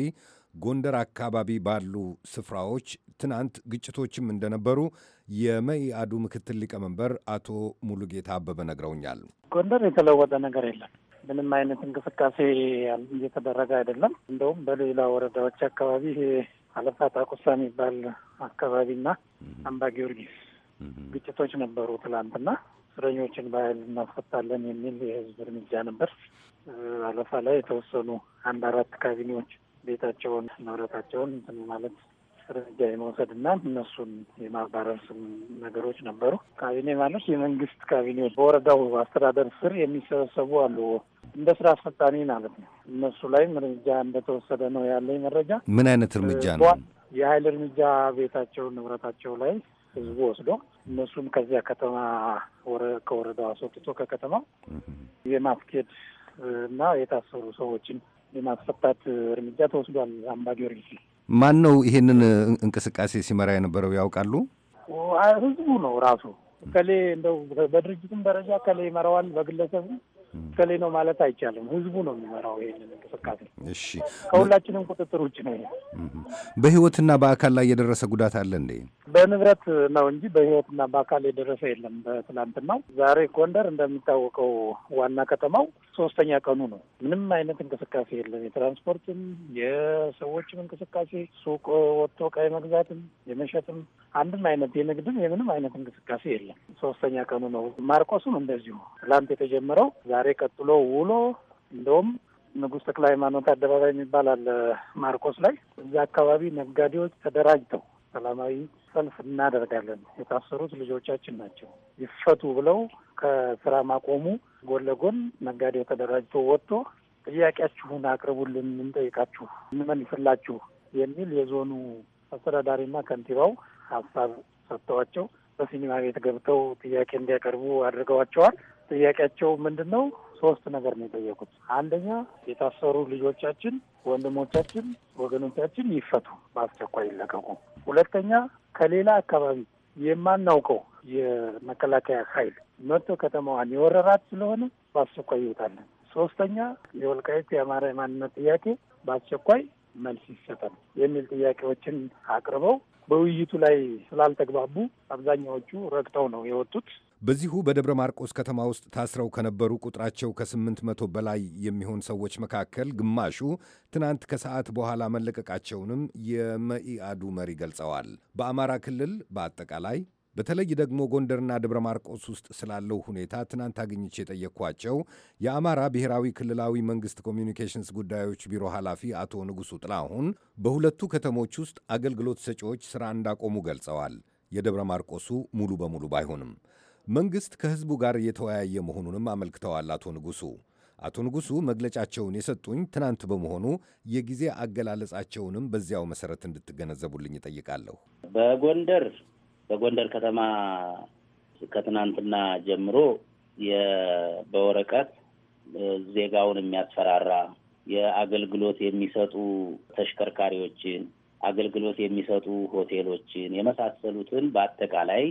ጎንደር አካባቢ ባሉ ስፍራዎች ትናንት ግጭቶችም እንደነበሩ የመኢአዱ ምክትል ሊቀመንበር አቶ ሙሉጌታ አበበ ነግረውኛል። ጎንደር የተለወጠ ነገር የለም። ምንም አይነት እንቅስቃሴ እየተደረገ አይደለም። እንደውም በሌላ ወረዳዎች አካባቢ አለፋ ጣቁሳ የሚባል አካባቢና አምባ ጊዮርጊስ ግጭቶች ነበሩ። ትላንትና እስረኞችን በኃይል እናስፈታለን የሚል የህዝብ እርምጃ ነበር። አለፋ ላይ የተወሰኑ አንድ አራት ካቢኔዎች ቤታቸውን ንብረታቸውን እንትን ማለት እርምጃ የመውሰድና እነሱን የማባረር ስም ነገሮች ነበሩ። ካቢኔ ማለት የመንግስት ካቢኔ በወረዳው አስተዳደር ስር የሚሰበሰቡ አሉ እንደ ስራ አስፈጻሚ ማለት ነው። እነሱ ላይም እርምጃ እንደተወሰደ ነው ያለኝ መረጃ። ምን አይነት እርምጃ ነው? የሀይል እርምጃ ቤታቸው ንብረታቸው ላይ ህዝቡ ወስዶ እነሱም ከዚያ ከተማ ከወረዳው አስወጥቶ ከከተማው የማስኬድ እና የታሰሩ ሰዎችን የማስፈታት እርምጃ ተወስዷል። አምባ ጊዮርጊስ ማን ነው ይሄንን እንቅስቃሴ ሲመራ የነበረው ያውቃሉ? ህዝቡ ነው ራሱ። ከሌ እንደው በድርጅቱም ደረጃ ከሌ ይመራዋል፣ በግለሰቡ ከሌ ነው ማለት አይቻልም። ህዝቡ ነው የሚመራው ይህንን እንቅስቃሴ። እሺ ከሁላችንም ቁጥጥር ውጭ ነው። በህይወትና በአካል ላይ የደረሰ ጉዳት አለ እንዴ? በንብረት ነው እንጂ በህይወትና በአካል የደረሰ የለም። በትናንትናው ዛሬ ጎንደር እንደሚታወቀው ዋና ከተማው ሶስተኛ ቀኑ ነው። ምንም አይነት እንቅስቃሴ የለም። የትራንስፖርትም የሰዎችም እንቅስቃሴ ሱቅ ወጥቶ ቀይ መግዛትም የመሸጥም አንድም አይነት የንግድም የምንም አይነት እንቅስቃሴ የለም። ሶስተኛ ቀኑ ነው። ማርቆሱም እንደዚሁ ትላንት የተጀመረው ዛሬ ዛሬ ቀጥሎ ውሎ እንደውም ንጉሥ ተክለ ሃይማኖት አደባባይ የሚባል አለ ማርቆስ ላይ እዚ አካባቢ ነጋዴዎች ተደራጅተው ሰላማዊ ሰልፍ እናደርጋለን፣ የታሰሩት ልጆቻችን ናቸው ይፈቱ ብለው ከስራ ማቆሙ ጎን ለጎን ነጋዴው ተደራጅቶ ወጥቶ ጥያቄያችሁን አቅርቡልን፣ እንጠይቃችሁ፣ እንመልስላችሁ የሚል የዞኑ አስተዳዳሪና ከንቲባው ሀሳብ ሰጥተዋቸው በሲኒማ ቤት ገብተው ጥያቄ እንዲያቀርቡ አድርገዋቸዋል። ጥያቄያቸው ምንድን ነው? ሶስት ነገር ነው የጠየቁት። አንደኛ የታሰሩ ልጆቻችን፣ ወንድሞቻችን፣ ወገኖቻችን ይፈቱ፣ በአስቸኳይ ይለቀቁ። ሁለተኛ ከሌላ አካባቢ የማናውቀው የመከላከያ ኃይል መጥቶ ከተማዋን የወረራት ስለሆነ በአስቸኳይ ይወጣለን። ሶስተኛ የወልቃይት የአማራ የማንነት ጥያቄ በአስቸኳይ መልስ ይሰጠን የሚል ጥያቄዎችን አቅርበው በውይይቱ ላይ ስላልተግባቡ አብዛኛዎቹ ረግተው ነው የወጡት። በዚሁ በደብረ ማርቆስ ከተማ ውስጥ ታስረው ከነበሩ ቁጥራቸው ከስምንት መቶ በላይ የሚሆን ሰዎች መካከል ግማሹ ትናንት ከሰዓት በኋላ መለቀቃቸውንም የመኢአዱ መሪ ገልጸዋል። በአማራ ክልል በአጠቃላይ በተለይ ደግሞ ጎንደርና ደብረ ማርቆስ ውስጥ ስላለው ሁኔታ ትናንት አግኝቼ የጠየቅኳቸው የአማራ ብሔራዊ ክልላዊ መንግስት ኮሚኒኬሽንስ ጉዳዮች ቢሮ ኃላፊ አቶ ንጉሱ ጥላሁን በሁለቱ ከተሞች ውስጥ አገልግሎት ሰጪዎች ሥራ እንዳቆሙ ገልጸዋል። የደብረ ማርቆሱ ሙሉ በሙሉ ባይሆንም መንግሥት ከሕዝቡ ጋር የተወያየ መሆኑንም አመልክተዋል አቶ ንጉሱ። አቶ ንጉሱ መግለጫቸውን የሰጡኝ ትናንት በመሆኑ የጊዜ አገላለጻቸውንም በዚያው መሰረት እንድትገነዘቡልኝ እጠይቃለሁ። በጎንደር በጎንደር ከተማ ከትናንትና ጀምሮ በወረቀት ዜጋውን የሚያስፈራራ የአገልግሎት የሚሰጡ ተሽከርካሪዎችን፣ አገልግሎት የሚሰጡ ሆቴሎችን የመሳሰሉትን በአጠቃላይ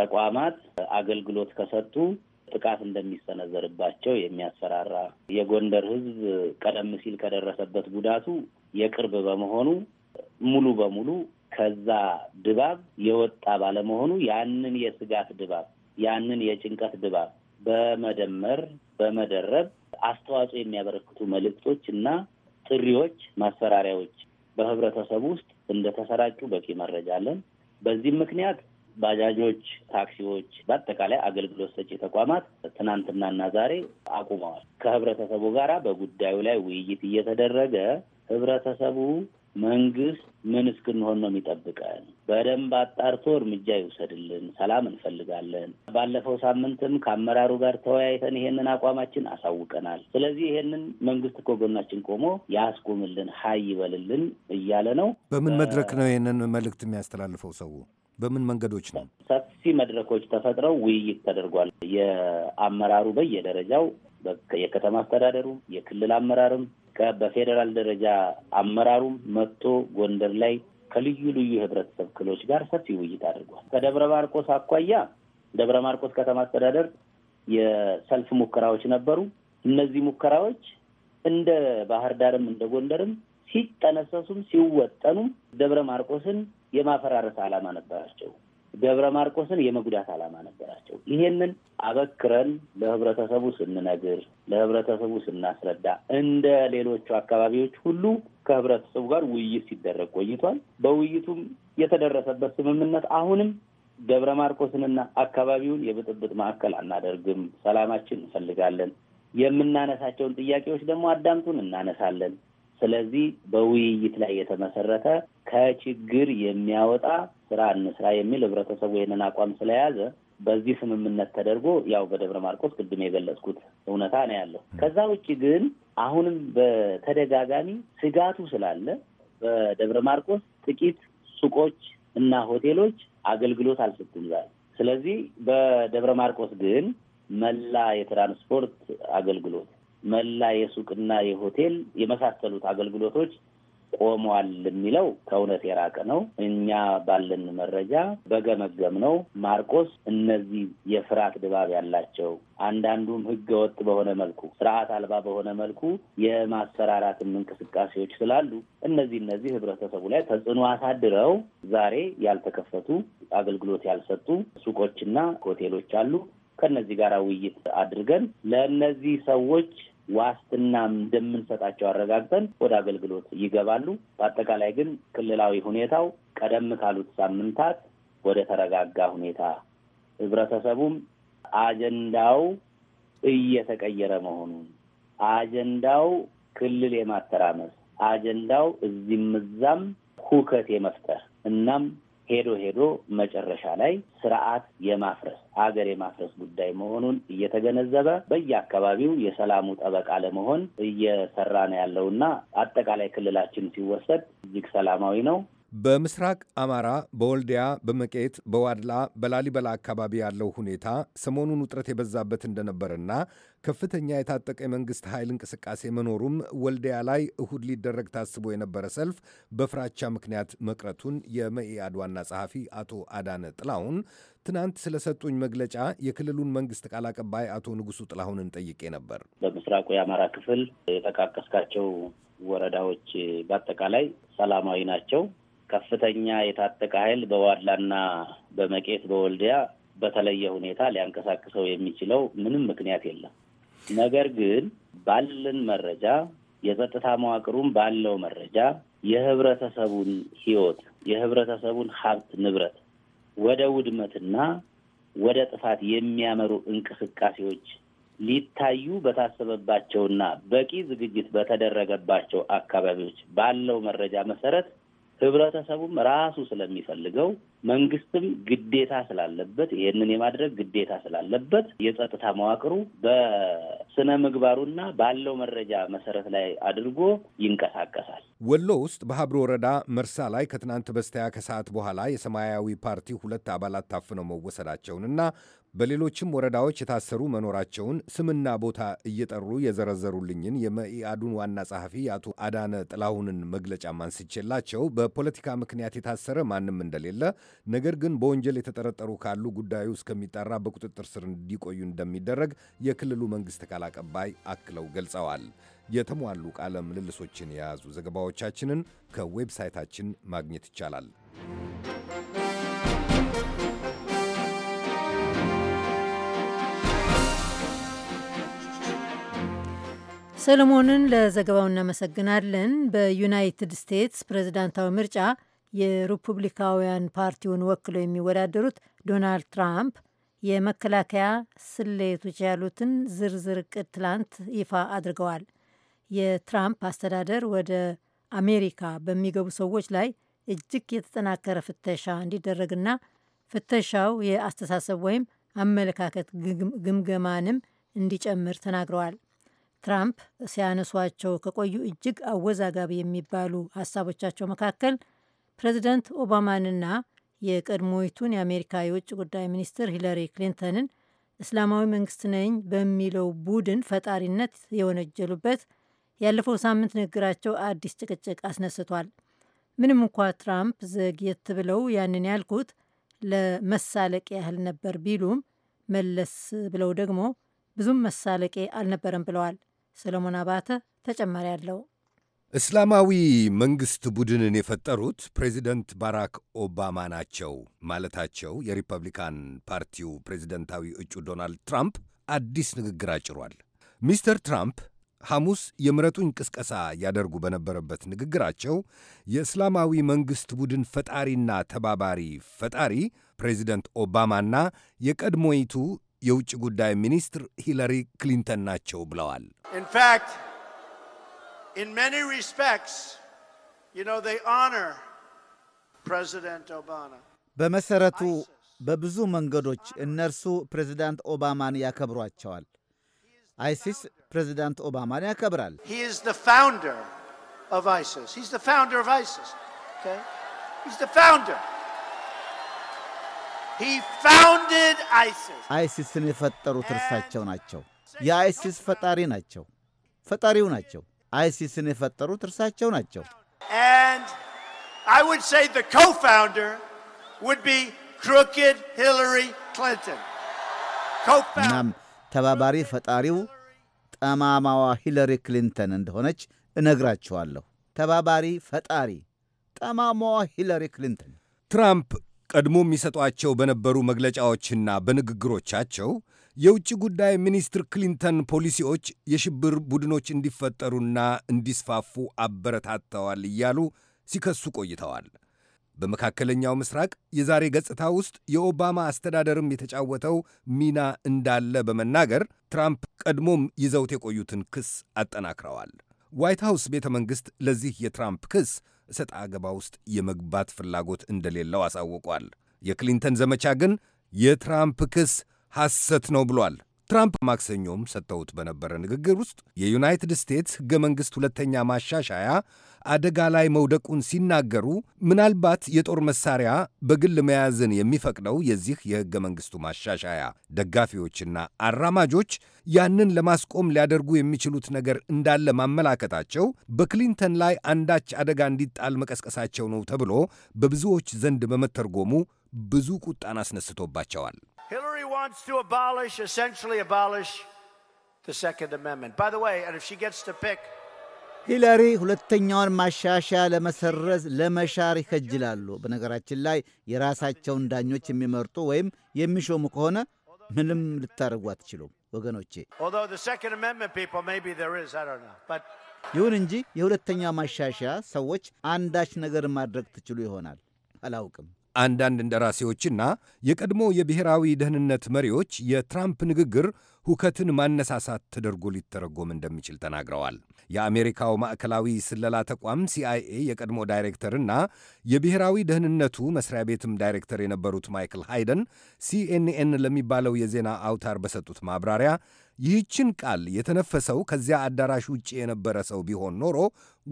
ተቋማት አገልግሎት ከሰጡ ጥቃት እንደሚሰነዘርባቸው የሚያስፈራራ የጎንደር ሕዝብ ቀደም ሲል ከደረሰበት ጉዳቱ የቅርብ በመሆኑ ሙሉ በሙሉ ከዛ ድባብ የወጣ ባለመሆኑ ያንን የስጋት ድባብ ያንን የጭንቀት ድባብ በመደመር በመደረብ አስተዋጽኦ የሚያበረክቱ መልእክቶች እና ጥሪዎች፣ ማስፈራሪያዎች በህብረተሰቡ ውስጥ እንደተሰራጩ በቂ መረጃ አለን። በዚህም ምክንያት ባጃጆች፣ ታክሲዎች፣ በአጠቃላይ አገልግሎት ሰጪ ተቋማት ትናንትናና ዛሬ አቁመዋል። ከህብረተሰቡ ጋር በጉዳዩ ላይ ውይይት እየተደረገ ህብረተሰቡ መንግስት ምን እስክንሆን ነው የሚጠብቀን? በደንብ አጣርቶ እርምጃ ይውሰድልን። ሰላም እንፈልጋለን። ባለፈው ሳምንትም ከአመራሩ ጋር ተወያይተን ይሄንን አቋማችን አሳውቀናል። ስለዚህ ይሄንን መንግስት እኮ ጎናችን ቆሞ ያስቁምልን፣ ሀይ ይበልልን እያለ ነው። በምን መድረክ ነው ይሄንን መልእክት የሚያስተላልፈው ሰው በምን መንገዶች ነው? ሰፊ መድረኮች ተፈጥረው ውይይት ተደርጓል። የአመራሩ በየደረጃው የከተማ አስተዳደሩ የክልል አመራርም በፌዴራል ደረጃ አመራሩም መጥቶ ጎንደር ላይ ከልዩ ልዩ የህብረተሰብ ክሎች ጋር ሰፊ ውይይት አድርጓል። ከደብረ ማርቆስ አኳያ ደብረ ማርቆስ ከተማ አስተዳደር የሰልፍ ሙከራዎች ነበሩ። እነዚህ ሙከራዎች እንደ ባህር ዳርም እንደ ጎንደርም ሲጠነሰሱም ሲወጠኑም ደብረ ማርቆስን የማፈራረስ ዓላማ ነበራቸው። ደብረ ማርቆስን የመጉዳት ዓላማ ነበራቸው። ይሄንን አበክረን ለህብረተሰቡ ስንነግር፣ ለህብረተሰቡ ስናስረዳ እንደ ሌሎቹ አካባቢዎች ሁሉ ከህብረተሰቡ ጋር ውይይት ሲደረግ ቆይቷል። በውይይቱም የተደረሰበት ስምምነት አሁንም ደብረ ማርቆስንና አካባቢውን የብጥብጥ ማዕከል አናደርግም፣ ሰላማችን እንፈልጋለን፣ የምናነሳቸውን ጥያቄዎች ደግሞ አዳምጡን፣ እናነሳለን። ስለዚህ በውይይት ላይ የተመሰረተ ከችግር የሚያወጣ ስራ እንስራ የሚል ህብረተሰቡ ይህንን አቋም ስለያዘ በዚህ ስምምነት ተደርጎ ያው በደብረ ማርቆስ ቅድም የገለጽኩት እውነታ ነው ያለው። ከዛ ውጭ ግን አሁንም በተደጋጋሚ ስጋቱ ስላለ በደብረ ማርቆስ ጥቂት ሱቆች እና ሆቴሎች አገልግሎት አልሰጡም ዛሬ። ስለዚህ በደብረ ማርቆስ ግን መላ የትራንስፖርት አገልግሎት፣ መላ የሱቅና የሆቴል የመሳሰሉት አገልግሎቶች ቆሟል የሚለው ከእውነት የራቀ ነው። እኛ ባለን መረጃ በገመገም ነው ማርቆስ እነዚህ የፍርሃት ድባብ ያላቸው አንዳንዱም ህገ ወጥ በሆነ መልኩ ስርዓት አልባ በሆነ መልኩ የማሰራራትም እንቅስቃሴዎች ስላሉ እነዚህ እነዚህ ህብረተሰቡ ላይ ተጽዕኖ አሳድረው ዛሬ ያልተከፈቱ አገልግሎት ያልሰጡ ሱቆችና ሆቴሎች አሉ። ከእነዚህ ጋር ውይይት አድርገን ለእነዚህ ሰዎች ዋስትናም እንደምንሰጣቸው አረጋግጠን ወደ አገልግሎት ይገባሉ። በአጠቃላይ ግን ክልላዊ ሁኔታው ቀደም ካሉት ሳምንታት ወደ ተረጋጋ ሁኔታ ህብረተሰቡም አጀንዳው እየተቀየረ መሆኑን አጀንዳው ክልል የማተራመስ አጀንዳው እዚህም እዛም ሁከት የመፍጠር እናም ሄዶ ሄዶ መጨረሻ ላይ ስርዓት የማፍረስ አገር የማፍረስ ጉዳይ መሆኑን እየተገነዘበ በየአካባቢው የሰላሙ ጠበቃ ለመሆን እየሰራ ነው ያለውና አጠቃላይ ክልላችን ሲወሰድ እጅግ ሰላማዊ ነው። በምስራቅ አማራ በወልዲያ በመቄት በዋድላ በላሊበላ አካባቢ ያለው ሁኔታ ሰሞኑን ውጥረት የበዛበት እንደነበርና ከፍተኛ የታጠቀ የመንግሥት ኃይል እንቅስቃሴ መኖሩም ወልዲያ ላይ እሁድ ሊደረግ ታስቦ የነበረ ሰልፍ በፍራቻ ምክንያት መቅረቱን የመኢአድ ዋና ጸሐፊ አቶ አዳነ ጥላሁን ትናንት ስለሰጡኝ መግለጫ የክልሉን መንግስት ቃል አቀባይ አቶ ንጉሱ ጥላሁንን ጠይቄ ነበር። በምስራቁ የአማራ ክፍል የጠቃቀስካቸው ወረዳዎች በአጠቃላይ ሰላማዊ ናቸው። ከፍተኛ የታጠቀ ኃይል በዋላና በመቄት በወልዲያ በተለየ ሁኔታ ሊያንቀሳቅሰው የሚችለው ምንም ምክንያት የለም። ነገር ግን ባለን መረጃ የጸጥታ መዋቅሩን ባለው መረጃ የህብረተሰቡን ህይወት የህብረተሰቡን ሀብት ንብረት ወደ ውድመትና ወደ ጥፋት የሚያመሩ እንቅስቃሴዎች ሊታዩ በታሰበባቸውና በቂ ዝግጅት በተደረገባቸው አካባቢዎች ባለው መረጃ መሰረት ህብረተሰቡም ራሱ ስለሚፈልገው መንግስትም ግዴታ ስላለበት ይሄንን የማድረግ ግዴታ ስላለበት የጸጥታ መዋቅሩ በስነ ምግባሩና ባለው መረጃ መሰረት ላይ አድርጎ ይንቀሳቀሳል። ወሎ ውስጥ በሀብሮ ወረዳ መርሳ ላይ ከትናንት በስቲያ ከሰዓት በኋላ የሰማያዊ ፓርቲ ሁለት አባላት ታፍነው መወሰዳቸውንና በሌሎችም ወረዳዎች የታሰሩ መኖራቸውን ስምና ቦታ እየጠሩ የዘረዘሩልኝን የመኢአዱን ዋና ጸሐፊ የአቶ አዳነ ጥላሁንን መግለጫ ማንስቼላቸው በፖለቲካ ምክንያት የታሰረ ማንም እንደሌለ፣ ነገር ግን በወንጀል የተጠረጠሩ ካሉ ጉዳዩ እስከሚጣራ በቁጥጥር ስር እንዲቆዩ እንደሚደረግ የክልሉ መንግሥት ቃል አቀባይ አክለው ገልጸዋል። የተሟሉ ቃለ ምልልሶችን የያዙ ዘገባዎቻችንን ከዌብሳይታችን ማግኘት ይቻላል። ሰለሞንን ለዘገባው እናመሰግናለን። በዩናይትድ ስቴትስ ፕሬዝዳንታዊ ምርጫ የሪፑብሊካውያን ፓርቲውን ወክለው የሚወዳደሩት ዶናልድ ትራምፕ የመከላከያ ስሌቶች ያሉትን ዝርዝር እቅድ ትላንት ይፋ አድርገዋል። የትራምፕ አስተዳደር ወደ አሜሪካ በሚገቡ ሰዎች ላይ እጅግ የተጠናከረ ፍተሻ እንዲደረግና ፍተሻው የአስተሳሰብ ወይም አመለካከት ግምገማንም እንዲጨምር ተናግረዋል። ትራምፕ ሲያነሷቸው ከቆዩ እጅግ አወዛጋቢ የሚባሉ ሀሳቦቻቸው መካከል ፕሬዚደንት ኦባማንና የቀድሞይቱን የአሜሪካ የውጭ ጉዳይ ሚኒስትር ሂለሪ ክሊንተንን እስላማዊ መንግስት ነኝ በሚለው ቡድን ፈጣሪነት የወነጀሉበት ያለፈው ሳምንት ንግግራቸው አዲስ ጭቅጭቅ አስነስቷል። ምንም እንኳ ትራምፕ ዘግየት ብለው ያንን ያልኩት ለመሳለቅ ያህል ነበር ቢሉም መለስ ብለው ደግሞ ብዙም መሳለቄ አልነበረም ብለዋል። ሰለሞን አባተ ተጨማሪ አለው። እስላማዊ መንግሥት ቡድንን የፈጠሩት ፕሬዚደንት ባራክ ኦባማ ናቸው ማለታቸው የሪፐብሊካን ፓርቲው ፕሬዚደንታዊ እጩ ዶናልድ ትራምፕ አዲስ ንግግር አጭሯል። ሚስተር ትራምፕ ሐሙስ የምረጡኝ ቅስቀሳ ያደርጉ በነበረበት ንግግራቸው የእስላማዊ መንግሥት ቡድን ፈጣሪና ተባባሪ ፈጣሪ ፕሬዚደንት ኦባማና የቀድሞይቱ የውጭ ጉዳይ ሚኒስትር ሂለሪ ክሊንተን ናቸው ብለዋል። በመሰረቱ በብዙ መንገዶች እነርሱ ፕሬዚዳንት ኦባማን ያከብሯቸዋል። አይሲስ ፕሬዚዳንት ኦባማን ያከብራል። ፋውንደር ኦፍ አይሲስ አይሲስን የፈጠሩት እርሳቸው ናቸው። የአይሲስ ፈጣሪ ናቸው። ፈጣሪው ናቸው። አይሲስን የፈጠሩት እርሳቸው ናቸው። እናም ተባባሪ ፈጣሪው ጠማማዋ ሂለሪ ክሊንተን እንደሆነች እነግራችኋለሁ። ተባባሪ ፈጣሪ ጠማማዋ ሂለሪ ክሊንተን። ትራምፕ ቀድሞ የሚሰጧቸው በነበሩ መግለጫዎችና በንግግሮቻቸው የውጭ ጉዳይ ሚኒስትር ክሊንተን ፖሊሲዎች የሽብር ቡድኖች እንዲፈጠሩና እንዲስፋፉ አበረታተዋል እያሉ ሲከሱ ቆይተዋል። በመካከለኛው ምስራቅ የዛሬ ገጽታ ውስጥ የኦባማ አስተዳደርም የተጫወተው ሚና እንዳለ በመናገር ትራምፕ ቀድሞም ይዘውት የቆዩትን ክስ አጠናክረዋል። ዋይት ሃውስ ቤተ መንግሥት ለዚህ የትራምፕ ክስ እሰጥ አገባ ውስጥ የመግባት ፍላጎት እንደሌለው አሳውቋል። የክሊንተን ዘመቻ ግን የትራምፕ ክስ ሐሰት ነው ብሏል። ትራምፕ ማክሰኞም ሰጥተውት በነበረ ንግግር ውስጥ የዩናይትድ ስቴትስ ሕገ መንግሥት ሁለተኛ ማሻሻያ አደጋ ላይ መውደቁን ሲናገሩ ምናልባት የጦር መሳሪያ በግል መያዝን የሚፈቅደው የዚህ የሕገ መንግሥቱ ማሻሻያ ደጋፊዎችና አራማጆች ያንን ለማስቆም ሊያደርጉ የሚችሉት ነገር እንዳለ ማመላከታቸው በክሊንተን ላይ አንዳች አደጋ እንዲጣል መቀስቀሳቸው ነው ተብሎ በብዙዎች ዘንድ በመተርጎሙ ብዙ ቁጣን አስነስቶባቸዋል። Hillary wants to abolish, essentially abolish the Second Amendment. By the way, and if she gets to pick. ሂለሪ ሁለተኛውን ማሻሻያ ለመሰረዝ ለመሻር ይከጅላሉ። በነገራችን ላይ የራሳቸውን ዳኞች የሚመርጡ ወይም የሚሾሙ ከሆነ ምንም ልታደርጉ አትችሉም ወገኖቼ። ይሁን እንጂ የሁለተኛው ማሻሻያ ሰዎች አንዳች ነገር ማድረግ ትችሉ ይሆናል፣ አላውቅም። አንዳንድ እንደራሴዎችና የቀድሞ የብሔራዊ ደህንነት መሪዎች የትራምፕ ንግግር ሁከትን ማነሳሳት ተደርጎ ሊተረጎም እንደሚችል ተናግረዋል። የአሜሪካው ማዕከላዊ ስለላ ተቋም ሲአይኤ የቀድሞ ዳይሬክተርና የብሔራዊ ደህንነቱ መስሪያ ቤትም ዳይሬክተር የነበሩት ማይክል ሃይደን ሲኤንኤን ለሚባለው የዜና አውታር በሰጡት ማብራሪያ ይህችን ቃል የተነፈሰው ከዚያ አዳራሽ ውጭ የነበረ ሰው ቢሆን ኖሮ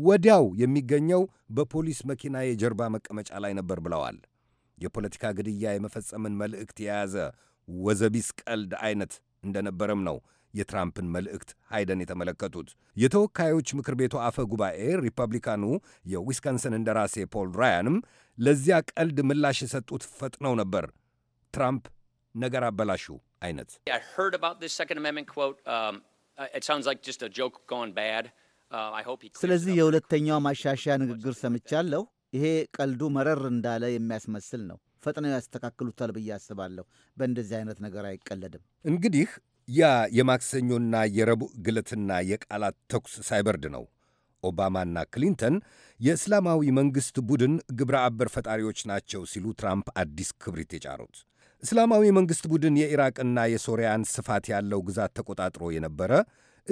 ወዲያው የሚገኘው በፖሊስ መኪና የጀርባ መቀመጫ ላይ ነበር ብለዋል። የፖለቲካ ግድያ የመፈጸምን መልእክት የያዘ ወዘቢስ ቀልድ አይነት እንደነበረም ነው የትራምፕን መልእክት ሃይደን የተመለከቱት። የተወካዮች ምክር ቤቱ አፈ ጉባኤ ሪፐብሊካኑ የዊስካንሰን እንደራሴ ፖል ራያንም ለዚያ ቀልድ ምላሽ የሰጡት ፈጥነው ነበር። ትራምፕ ነገር አበላሹ አይነት um, uh, ስለዚህ የሁለተኛው ማሻሻያ ንግግር ሰምቻለሁ። ይሄ ቀልዱ መረር እንዳለ የሚያስመስል ነው። ፈጥነው ያስተካክሉታል ብዬ አስባለሁ። በእንደዚህ አይነት ነገር አይቀለድም። እንግዲህ ያ የማክሰኞና የረቡዕ ግለትና የቃላት ተኩስ ሳይበርድ ነው ኦባማና ክሊንተን የእስላማዊ መንግሥት ቡድን ግብረ አበር ፈጣሪዎች ናቸው ሲሉ ትራምፕ አዲስ ክብሪት የጫሩት። እስላማዊ መንግሥት ቡድን የኢራቅና የሶሪያን ስፋት ያለው ግዛት ተቆጣጥሮ የነበረ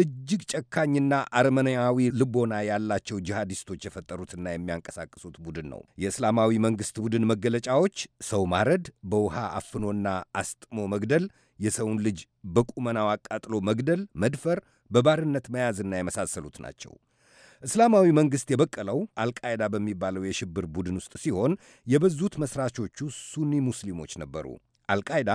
እጅግ ጨካኝና አርመናያዊ ልቦና ያላቸው ጂሃዲስቶች የፈጠሩትና የሚያንቀሳቅሱት ቡድን ነው። የእስላማዊ መንግሥት ቡድን መገለጫዎች ሰው ማረድ፣ በውሃ አፍኖና አስጥሞ መግደል፣ የሰውን ልጅ በቁመናው አቃጥሎ መግደል፣ መድፈር፣ በባርነት መያዝና የመሳሰሉት ናቸው። እስላማዊ መንግሥት የበቀለው አልቃይዳ በሚባለው የሽብር ቡድን ውስጥ ሲሆን የበዙት መሥራቾቹ ሱኒ ሙስሊሞች ነበሩ። አልቃይዳ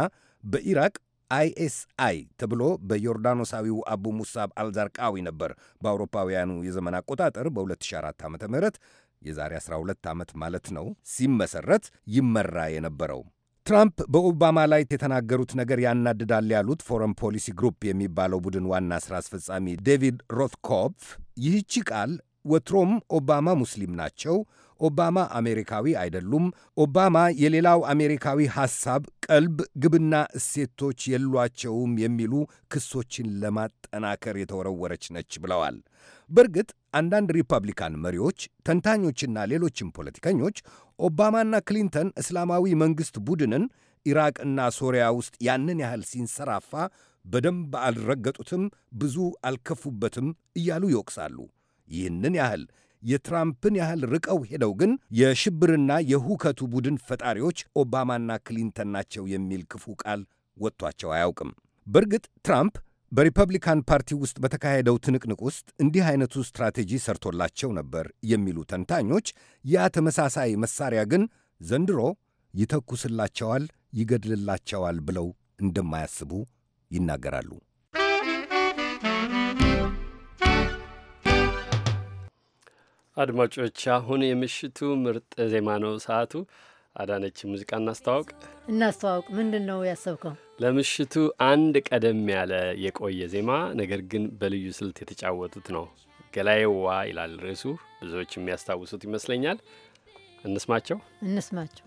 በኢራቅ አይኤስአይ ተብሎ በዮርዳኖሳዊው አቡ ሙሳብ አልዛርቃዊ ነበር በአውሮፓውያኑ የዘመን አቆጣጠር በ2004 ዓ ም የዛሬ 12 ዓመት ማለት ነው ሲመሰረት ይመራ የነበረው። ትራምፕ በኦባማ ላይ የተናገሩት ነገር ያናድዳል ያሉት ፎረን ፖሊሲ ግሩፕ የሚባለው ቡድን ዋና ሥራ አስፈጻሚ ዴቪድ ሮትኮፍ ይህቺ ቃል ወትሮም ኦባማ ሙስሊም ናቸው ኦባማ አሜሪካዊ አይደሉም፣ ኦባማ የሌላው አሜሪካዊ ሐሳብ፣ ቀልብ፣ ግብና እሴቶች የሏቸውም የሚሉ ክሶችን ለማጠናከር የተወረወረች ነች ብለዋል። በእርግጥ አንዳንድ ሪፐብሊካን መሪዎች፣ ተንታኞችና ሌሎችም ፖለቲከኞች ኦባማና ክሊንተን እስላማዊ መንግሥት ቡድንን ኢራቅና ሶሪያ ውስጥ ያንን ያህል ሲንሰራፋ በደንብ አልረገጡትም፣ ብዙ አልከፉበትም እያሉ ይወቅሳሉ። ይህንን ያህል የትራምፕን ያህል ርቀው ሄደው ግን የሽብርና የሁከቱ ቡድን ፈጣሪዎች ኦባማና ክሊንተን ናቸው የሚል ክፉ ቃል ወጥቷቸው አያውቅም። በእርግጥ ትራምፕ በሪፐብሊካን ፓርቲ ውስጥ በተካሄደው ትንቅንቅ ውስጥ እንዲህ አይነቱ ስትራቴጂ ሰርቶላቸው ነበር የሚሉ ተንታኞች፣ ያ ተመሳሳይ መሳሪያ ግን ዘንድሮ ይተኩስላቸዋል፣ ይገድልላቸዋል ብለው እንደማያስቡ ይናገራሉ። አድማጮች አሁን የምሽቱ ምርጥ ዜማ ነው ሰዓቱ። አዳነች ሙዚቃ እናስተዋውቅ እናስተዋውቅ። ምንድን ነው ያሰብከው? ለምሽቱ አንድ ቀደም ያለ የቆየ ዜማ ነገር ግን በልዩ ስልት የተጫወቱት ነው። ገላይዋ ይላል ርዕሱ። ብዙዎች የሚያስታውሱት ይመስለኛል። እንስማቸው እንስማቸው።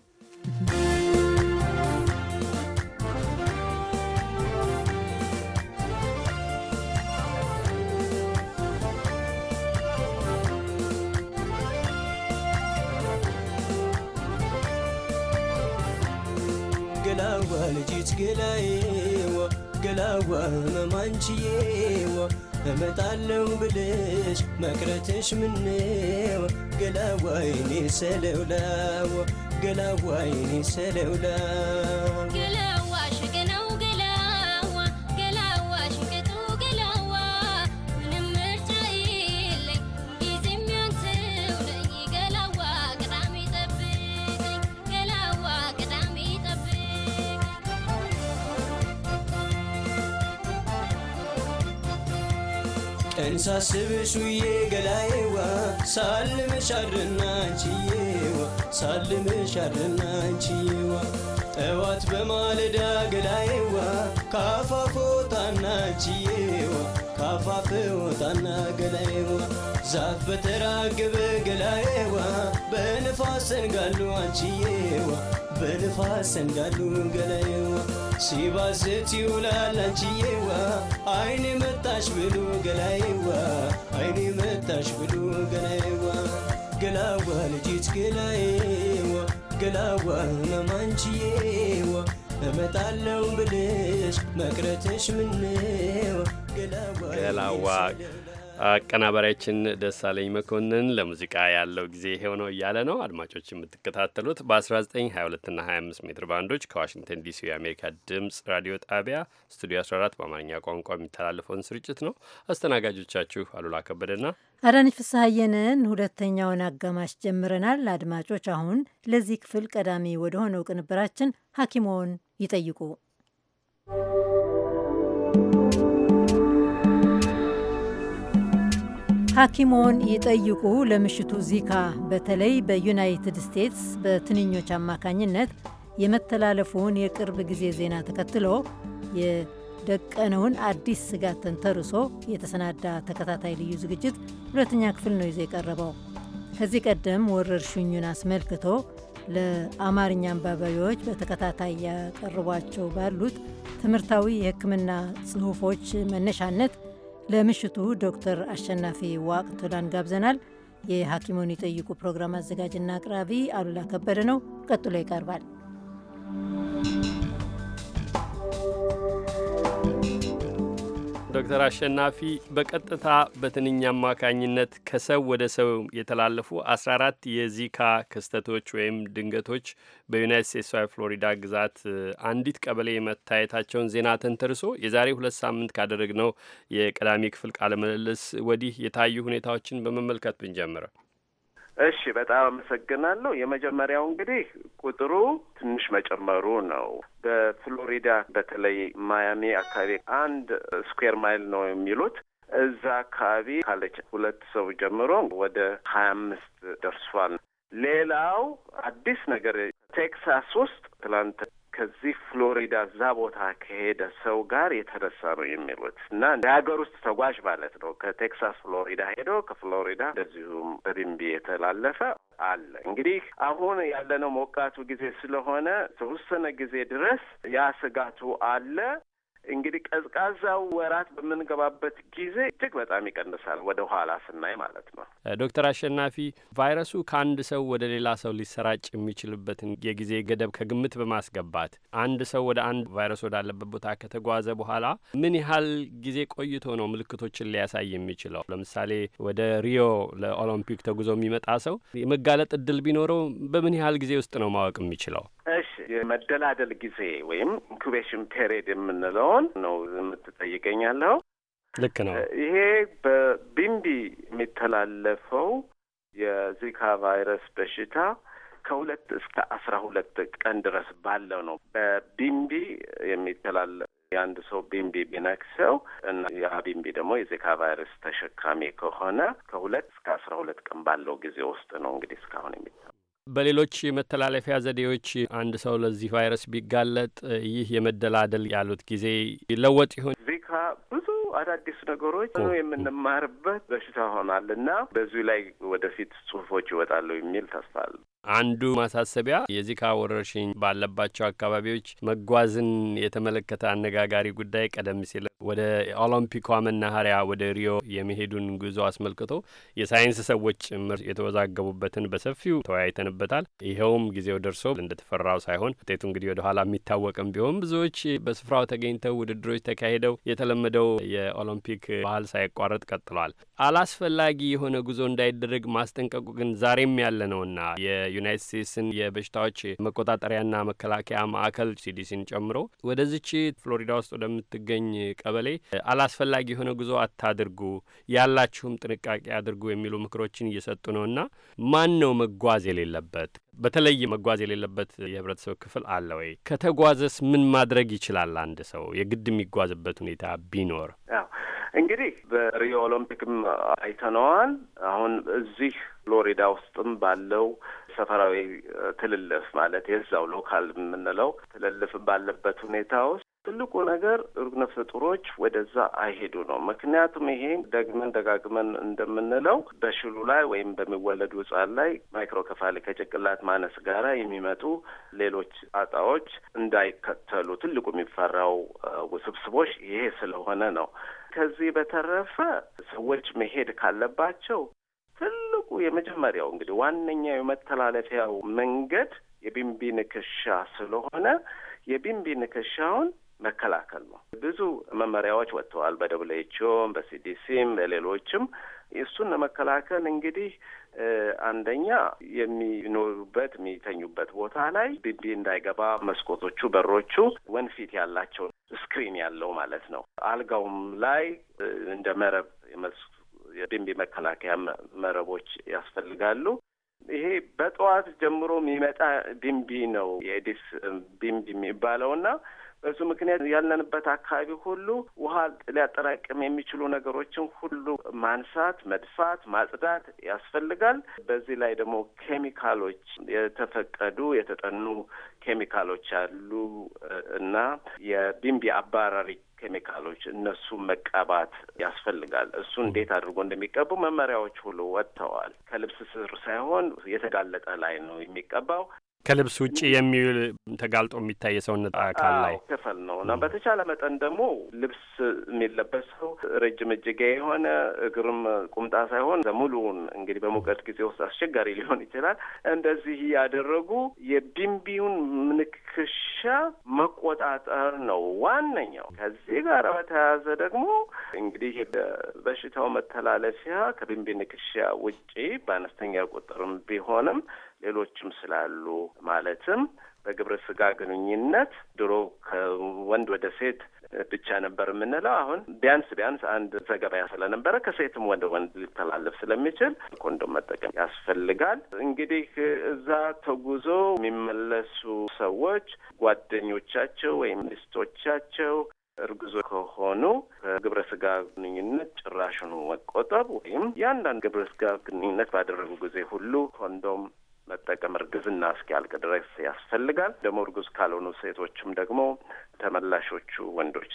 ልጅት ገላዬዋ ገላዋ መማንችዬዋ እመጣለው ብልሽ መቅረትሽ ምነው ገላዋይኔ ሰለውላዋ ገላዋይኔ ሰለውላ እንሳስብሽ ውዬ ገላዬዋ ሳልምሽ አድርና አንቺዬዋ ሳልምሽ አንቺዬዋ ጠዋት በማለዳ ገላዬዋ ካፋፎ ወጣና አንቺዬዋ ካፋፍ ገላዬዋ ዛፍ በተራገበ ገላዬዋ በንፋስ ሰንጋሉ አንቺዬዋ በንፋስ ሰንጋሉ ገላዬዋ ሲባስት ይውላል አንቺዬዋ አይኔ መጣሽ ብሎ ገላዬዋ አይኔ መጣሽ ብሎ ገላዬዋ ገላዋ ልጅት ገላዬዋ ገላዋ ነማንቺዬዋ እመጣለው ብልሽ መቅረትሽ ምነው ገላዋ አቀናባሪያችን ደሳለኝ መኮንን ለሙዚቃ ያለው ጊዜ ይሄው ነው እያለ ነው። አድማጮች የምትከታተሉት በ1922 እና 25 ሜትር ባንዶች ከዋሽንግተን ዲሲ የአሜሪካ ድምፅ ራዲዮ ጣቢያ ስቱዲዮ 14 በአማርኛ ቋንቋ የሚተላለፈውን ስርጭት ነው። አስተናጋጆቻችሁ አሉላ ከበደና አዳነች ፍስሐየንን ሁለተኛውን አጋማሽ ጀምረናል። አድማጮች አሁን ለዚህ ክፍል ቀዳሚ ወደሆነው ቅንብራችን ሐኪሞን ይጠይቁ ሐኪሞን ይጠይቁ ለምሽቱ ዚካ በተለይ በዩናይትድ ስቴትስ በትንኞች አማካኝነት የመተላለፉን የቅርብ ጊዜ ዜና ተከትሎ የደቀነውን አዲስ ስጋት ተንተርሶ የተሰናዳ ተከታታይ ልዩ ዝግጅት ሁለተኛ ክፍል ነው ይዞ የቀረበው። ከዚህ ቀደም ወረርሽኙን አስመልክቶ ለአማርኛ አንባቢዎች በተከታታይ ያቀርቧቸው ባሉት ትምህርታዊ የሕክምና ጽሑፎች መነሻነት ለምሽቱ ዶክተር አሸናፊ ዋቅቶላን ጋብዘናል። የሐኪሙን ይጠይቁ ፕሮግራም አዘጋጅና አቅራቢ አሉላ ከበደ ነው። ቀጥሎ ይቀርባል። ዶክተር አሸናፊ በቀጥታ በትንኝ አማካኝነት ከሰው ወደ ሰው የተላለፉ 14 የዚካ ክስተቶች ወይም ድንገቶች በዩናይት ስቴትስ ፍሎሪዳ ግዛት አንዲት ቀበሌ መታየታቸውን ዜና ተንተርሶ የዛሬ ሁለት ሳምንት ካደረግነው የቀዳሚ ክፍል ቃለ ምልልስ ወዲህ የታዩ ሁኔታዎችን በመመልከት ብንጀምረው እሺ በጣም አመሰግናለሁ። የመጀመሪያው እንግዲህ ቁጥሩ ትንሽ መጨመሩ ነው። በፍሎሪዳ በተለይ ማያሚ አካባቢ አንድ ስኩዌር ማይል ነው የሚሉት እዛ አካባቢ ካለች ሁለት ሰው ጀምሮ ወደ ሀያ አምስት ደርሷል። ሌላው አዲስ ነገር ቴክሳስ ውስጥ ትላንት ከዚህ ፍሎሪዳ እዛ ቦታ ከሄደ ሰው ጋር የተነሳ ነው የሚሉት እና የሀገር ውስጥ ተጓዥ ማለት ነው። ከቴክሳስ ፍሎሪዳ ሄዶ ከፍሎሪዳ እንደዚሁም በድንቢ የተላለፈ አለ። እንግዲህ አሁን ያለነው ሞቃቱ ጊዜ ስለሆነ ተወሰነ ጊዜ ድረስ ያ ስጋቱ አለ። እንግዲህ ቀዝቃዛው ወራት በምንገባበት ጊዜ እጅግ በጣም ይቀንሳል፣ ወደ ኋላ ስናይ ማለት ነው። ዶክተር አሸናፊ ቫይረሱ ከአንድ ሰው ወደ ሌላ ሰው ሊሰራጭ የሚችልበትን የጊዜ ገደብ ከግምት በማስገባት አንድ ሰው ወደ አንድ ቫይረስ ወዳለበት ቦታ ከተጓዘ በኋላ ምን ያህል ጊዜ ቆይቶ ነው ምልክቶችን ሊያሳይ የሚችለው? ለምሳሌ ወደ ሪዮ ለኦሎምፒክ ተጉዞ የሚመጣ ሰው የመጋለጥ እድል ቢኖረው በምን ያህል ጊዜ ውስጥ ነው ማወቅ የሚችለው? እሺ የመደላደል ጊዜ ወይም ኢንኩቤሽን ፔሪድ የምንለውን ነው የምትጠይቀኛለው። ልክ ነው። ይሄ በቢምቢ የሚተላለፈው የዚካ ቫይረስ በሽታ ከሁለት እስከ አስራ ሁለት ቀን ድረስ ባለው ነው። በቢምቢ የሚተላለፍ የአንድ ሰው ቢምቢ ቢነክሰው እና ያ ቢምቢ ደግሞ የዚካ ቫይረስ ተሸካሚ ከሆነ ከሁለት እስከ አስራ ሁለት ቀን ባለው ጊዜ ውስጥ ነው እንግዲህ እስካሁን የሚታ በሌሎች መተላለፊያ ዘዴዎች አንድ ሰው ለዚህ ቫይረስ ቢጋለጥ ይህ የመደላደል ያሉት ጊዜ ይለወጥ ይሆን? ዚካ ብዙ አዳዲስ ነገሮች የምንማርበት በሽታ ሆናል እና በዚሁ ላይ ወደፊት ጽሁፎች ይወጣሉ የሚል ተስፋ አለ። አንዱ ማሳሰቢያ የዚካ ወረርሽኝ ባለባቸው አካባቢዎች መጓዝን የተመለከተ አነጋጋሪ ጉዳይ ቀደም ሲል ወደ ኦሎምፒኳ መናኸሪያ ወደ ሪዮ የመሄዱን ጉዞ አስመልክቶ የሳይንስ ሰዎች ጭምር የተወዛገቡበትን በሰፊው ተወያይተንበታል። ይኸውም ጊዜው ደርሶ እንደተፈራው ሳይሆን ውጤቱ እንግዲህ ወደ ኋላ የሚታወቅም ቢሆን ብዙዎች በስፍራው ተገኝተው ውድድሮች ተካሂደው የተለመደው የኦሎምፒክ ባህል ሳይቋረጥ ቀጥሏል። አላስፈላጊ የሆነ ጉዞ እንዳይደረግ ማስጠንቀቁ ግን ዛሬም ያለ ነውና የዩናይት ስቴትስን የበሽታዎች መቆጣጠሪያና መከላከያ ማዕከል ሲዲሲን ጨምሮ ወደዚች ፍሎሪዳ ውስጥ ወደምትገኝ ቀበሌ አላስፈላጊ የሆነ ጉዞ አታድርጉ፣ ያላችሁም ጥንቃቄ አድርጉ የሚሉ ምክሮችን እየሰጡ ነውና ማን ነው መጓዝ የሌለበት? በተለይ መጓዝ የሌለበት የህብረተሰብ ክፍል አለ ወይ? ከተጓዘስ ምን ማድረግ ይችላል? አንድ ሰው የግድ የሚጓዝበት ሁኔታ ቢኖር እንግዲህ በሪዮ ኦሎምፒክም አይተነዋል። አሁን እዚህ ፍሎሪዳ ውስጥም ባለው ሰፈራዊ ትልልፍ ማለት የዛው ሎካል የምንለው ትልልፍ ባለበት ሁኔታ ውስጥ ትልቁ ነገር ሩቅ ነፍሰ ጡሮች ወደዛ አይሄዱ ነው። ምክንያቱም ይሄ ደግመን ደጋግመን እንደምንለው በሽሉ ላይ ወይም በሚወለዱ ሕጻን ላይ ማይክሮከፋሊ ከጭቅላት ማነስ ጋራ የሚመጡ ሌሎች አጣዎች እንዳይከተሉ ትልቁ የሚፈራው ውስብስቦች ይሄ ስለሆነ ነው። ከዚህ በተረፈ ሰዎች መሄድ ካለባቸው ትልቁ የመጀመሪያው እንግዲህ ዋነኛው የመተላለፊያው መንገድ የቢንቢ ንክሻ ስለሆነ የቢንቢ ንክሻውን መከላከል ነው። ብዙ መመሪያዎች ወጥተዋል በደብሊው ኤችኦም በሲዲሲም በሌሎችም። እሱን ለመከላከል እንግዲህ አንደኛ የሚኖሩበት የሚተኙበት ቦታ ላይ ቢንቢ እንዳይገባ መስኮቶቹ፣ በሮቹ ወንፊት ያላቸው ስክሪን ያለው ማለት ነው። አልጋውም ላይ እንደ መረብ የመስ የደንብ መረቦች ያስፈልጋሉ። ይሄ በጠዋት ጀምሮ የሚመጣ ቢምቢ ነው የኤዲስ የሚባለው የሚባለውና በሱ ምክንያት ያለንበት አካባቢ ሁሉ ውሃ ሊያጠራቅም የሚችሉ ነገሮችን ሁሉ ማንሳት፣ መድፋት፣ ማጽዳት ያስፈልጋል። በዚህ ላይ ደግሞ ኬሚካሎች የተፈቀዱ የተጠኑ ኬሚካሎች አሉ እና የቢምቢ አባራሪ ኬሚካሎች እነሱ መቀባት ያስፈልጋል። እሱ እንዴት አድርጎ እንደሚቀቡ መመሪያዎች ሁሉ ወጥተዋል። ከልብስ ስር ሳይሆን የተጋለጠ ላይ ነው የሚቀባው። ከልብስ ውጭ የሚውል ተጋልጦ የሚታይ የሰውነት አካል ላይ ክፍል ነው እና በተቻለ መጠን ደግሞ ልብስ የሚለበሰው ረጅም እጅጌ የሆነ እግርም ቁምጣ ሳይሆን ሙሉውን እንግዲህ በሙቀት ጊዜ ውስጥ አስቸጋሪ ሊሆን ይችላል። እንደዚህ ያደረጉ የቢምቢውን ምንክሻ መቆጣጠር ነው ዋነኛው። ከዚህ ጋር በተያያዘ ደግሞ እንግዲህ በሽታው መተላለፊያ ከቢምቢ ንክሻ ውጪ በአነስተኛ ቁጥርም ቢሆንም ሌሎችም ስላሉ ማለትም በግብረ ስጋ ግንኙነት ድሮ ከወንድ ወደ ሴት ብቻ ነበር የምንለው። አሁን ቢያንስ ቢያንስ አንድ ዘገባ ስለነበረ ከሴትም ወደ ወንድ ሊተላለፍ ስለሚችል ኮንዶም መጠቀም ያስፈልጋል። እንግዲህ እዛ ተጉዞ የሚመለሱ ሰዎች ጓደኞቻቸው ወይም ሚስቶቻቸው እርግዞ ከሆኑ ከግብረ ስጋ ግንኙነት ጭራሹን መቆጠብ ወይም ያንዳንድ ግብረ ስጋ ግንኙነት ባደረጉ ጊዜ ሁሉ ኮንዶም መጠቀም እርግዝና እስኪያልቅ ድረስ ያስፈልጋል። ደግሞ እርጉዝ ካልሆኑ ሴቶችም ደግሞ ተመላሾቹ ወንዶች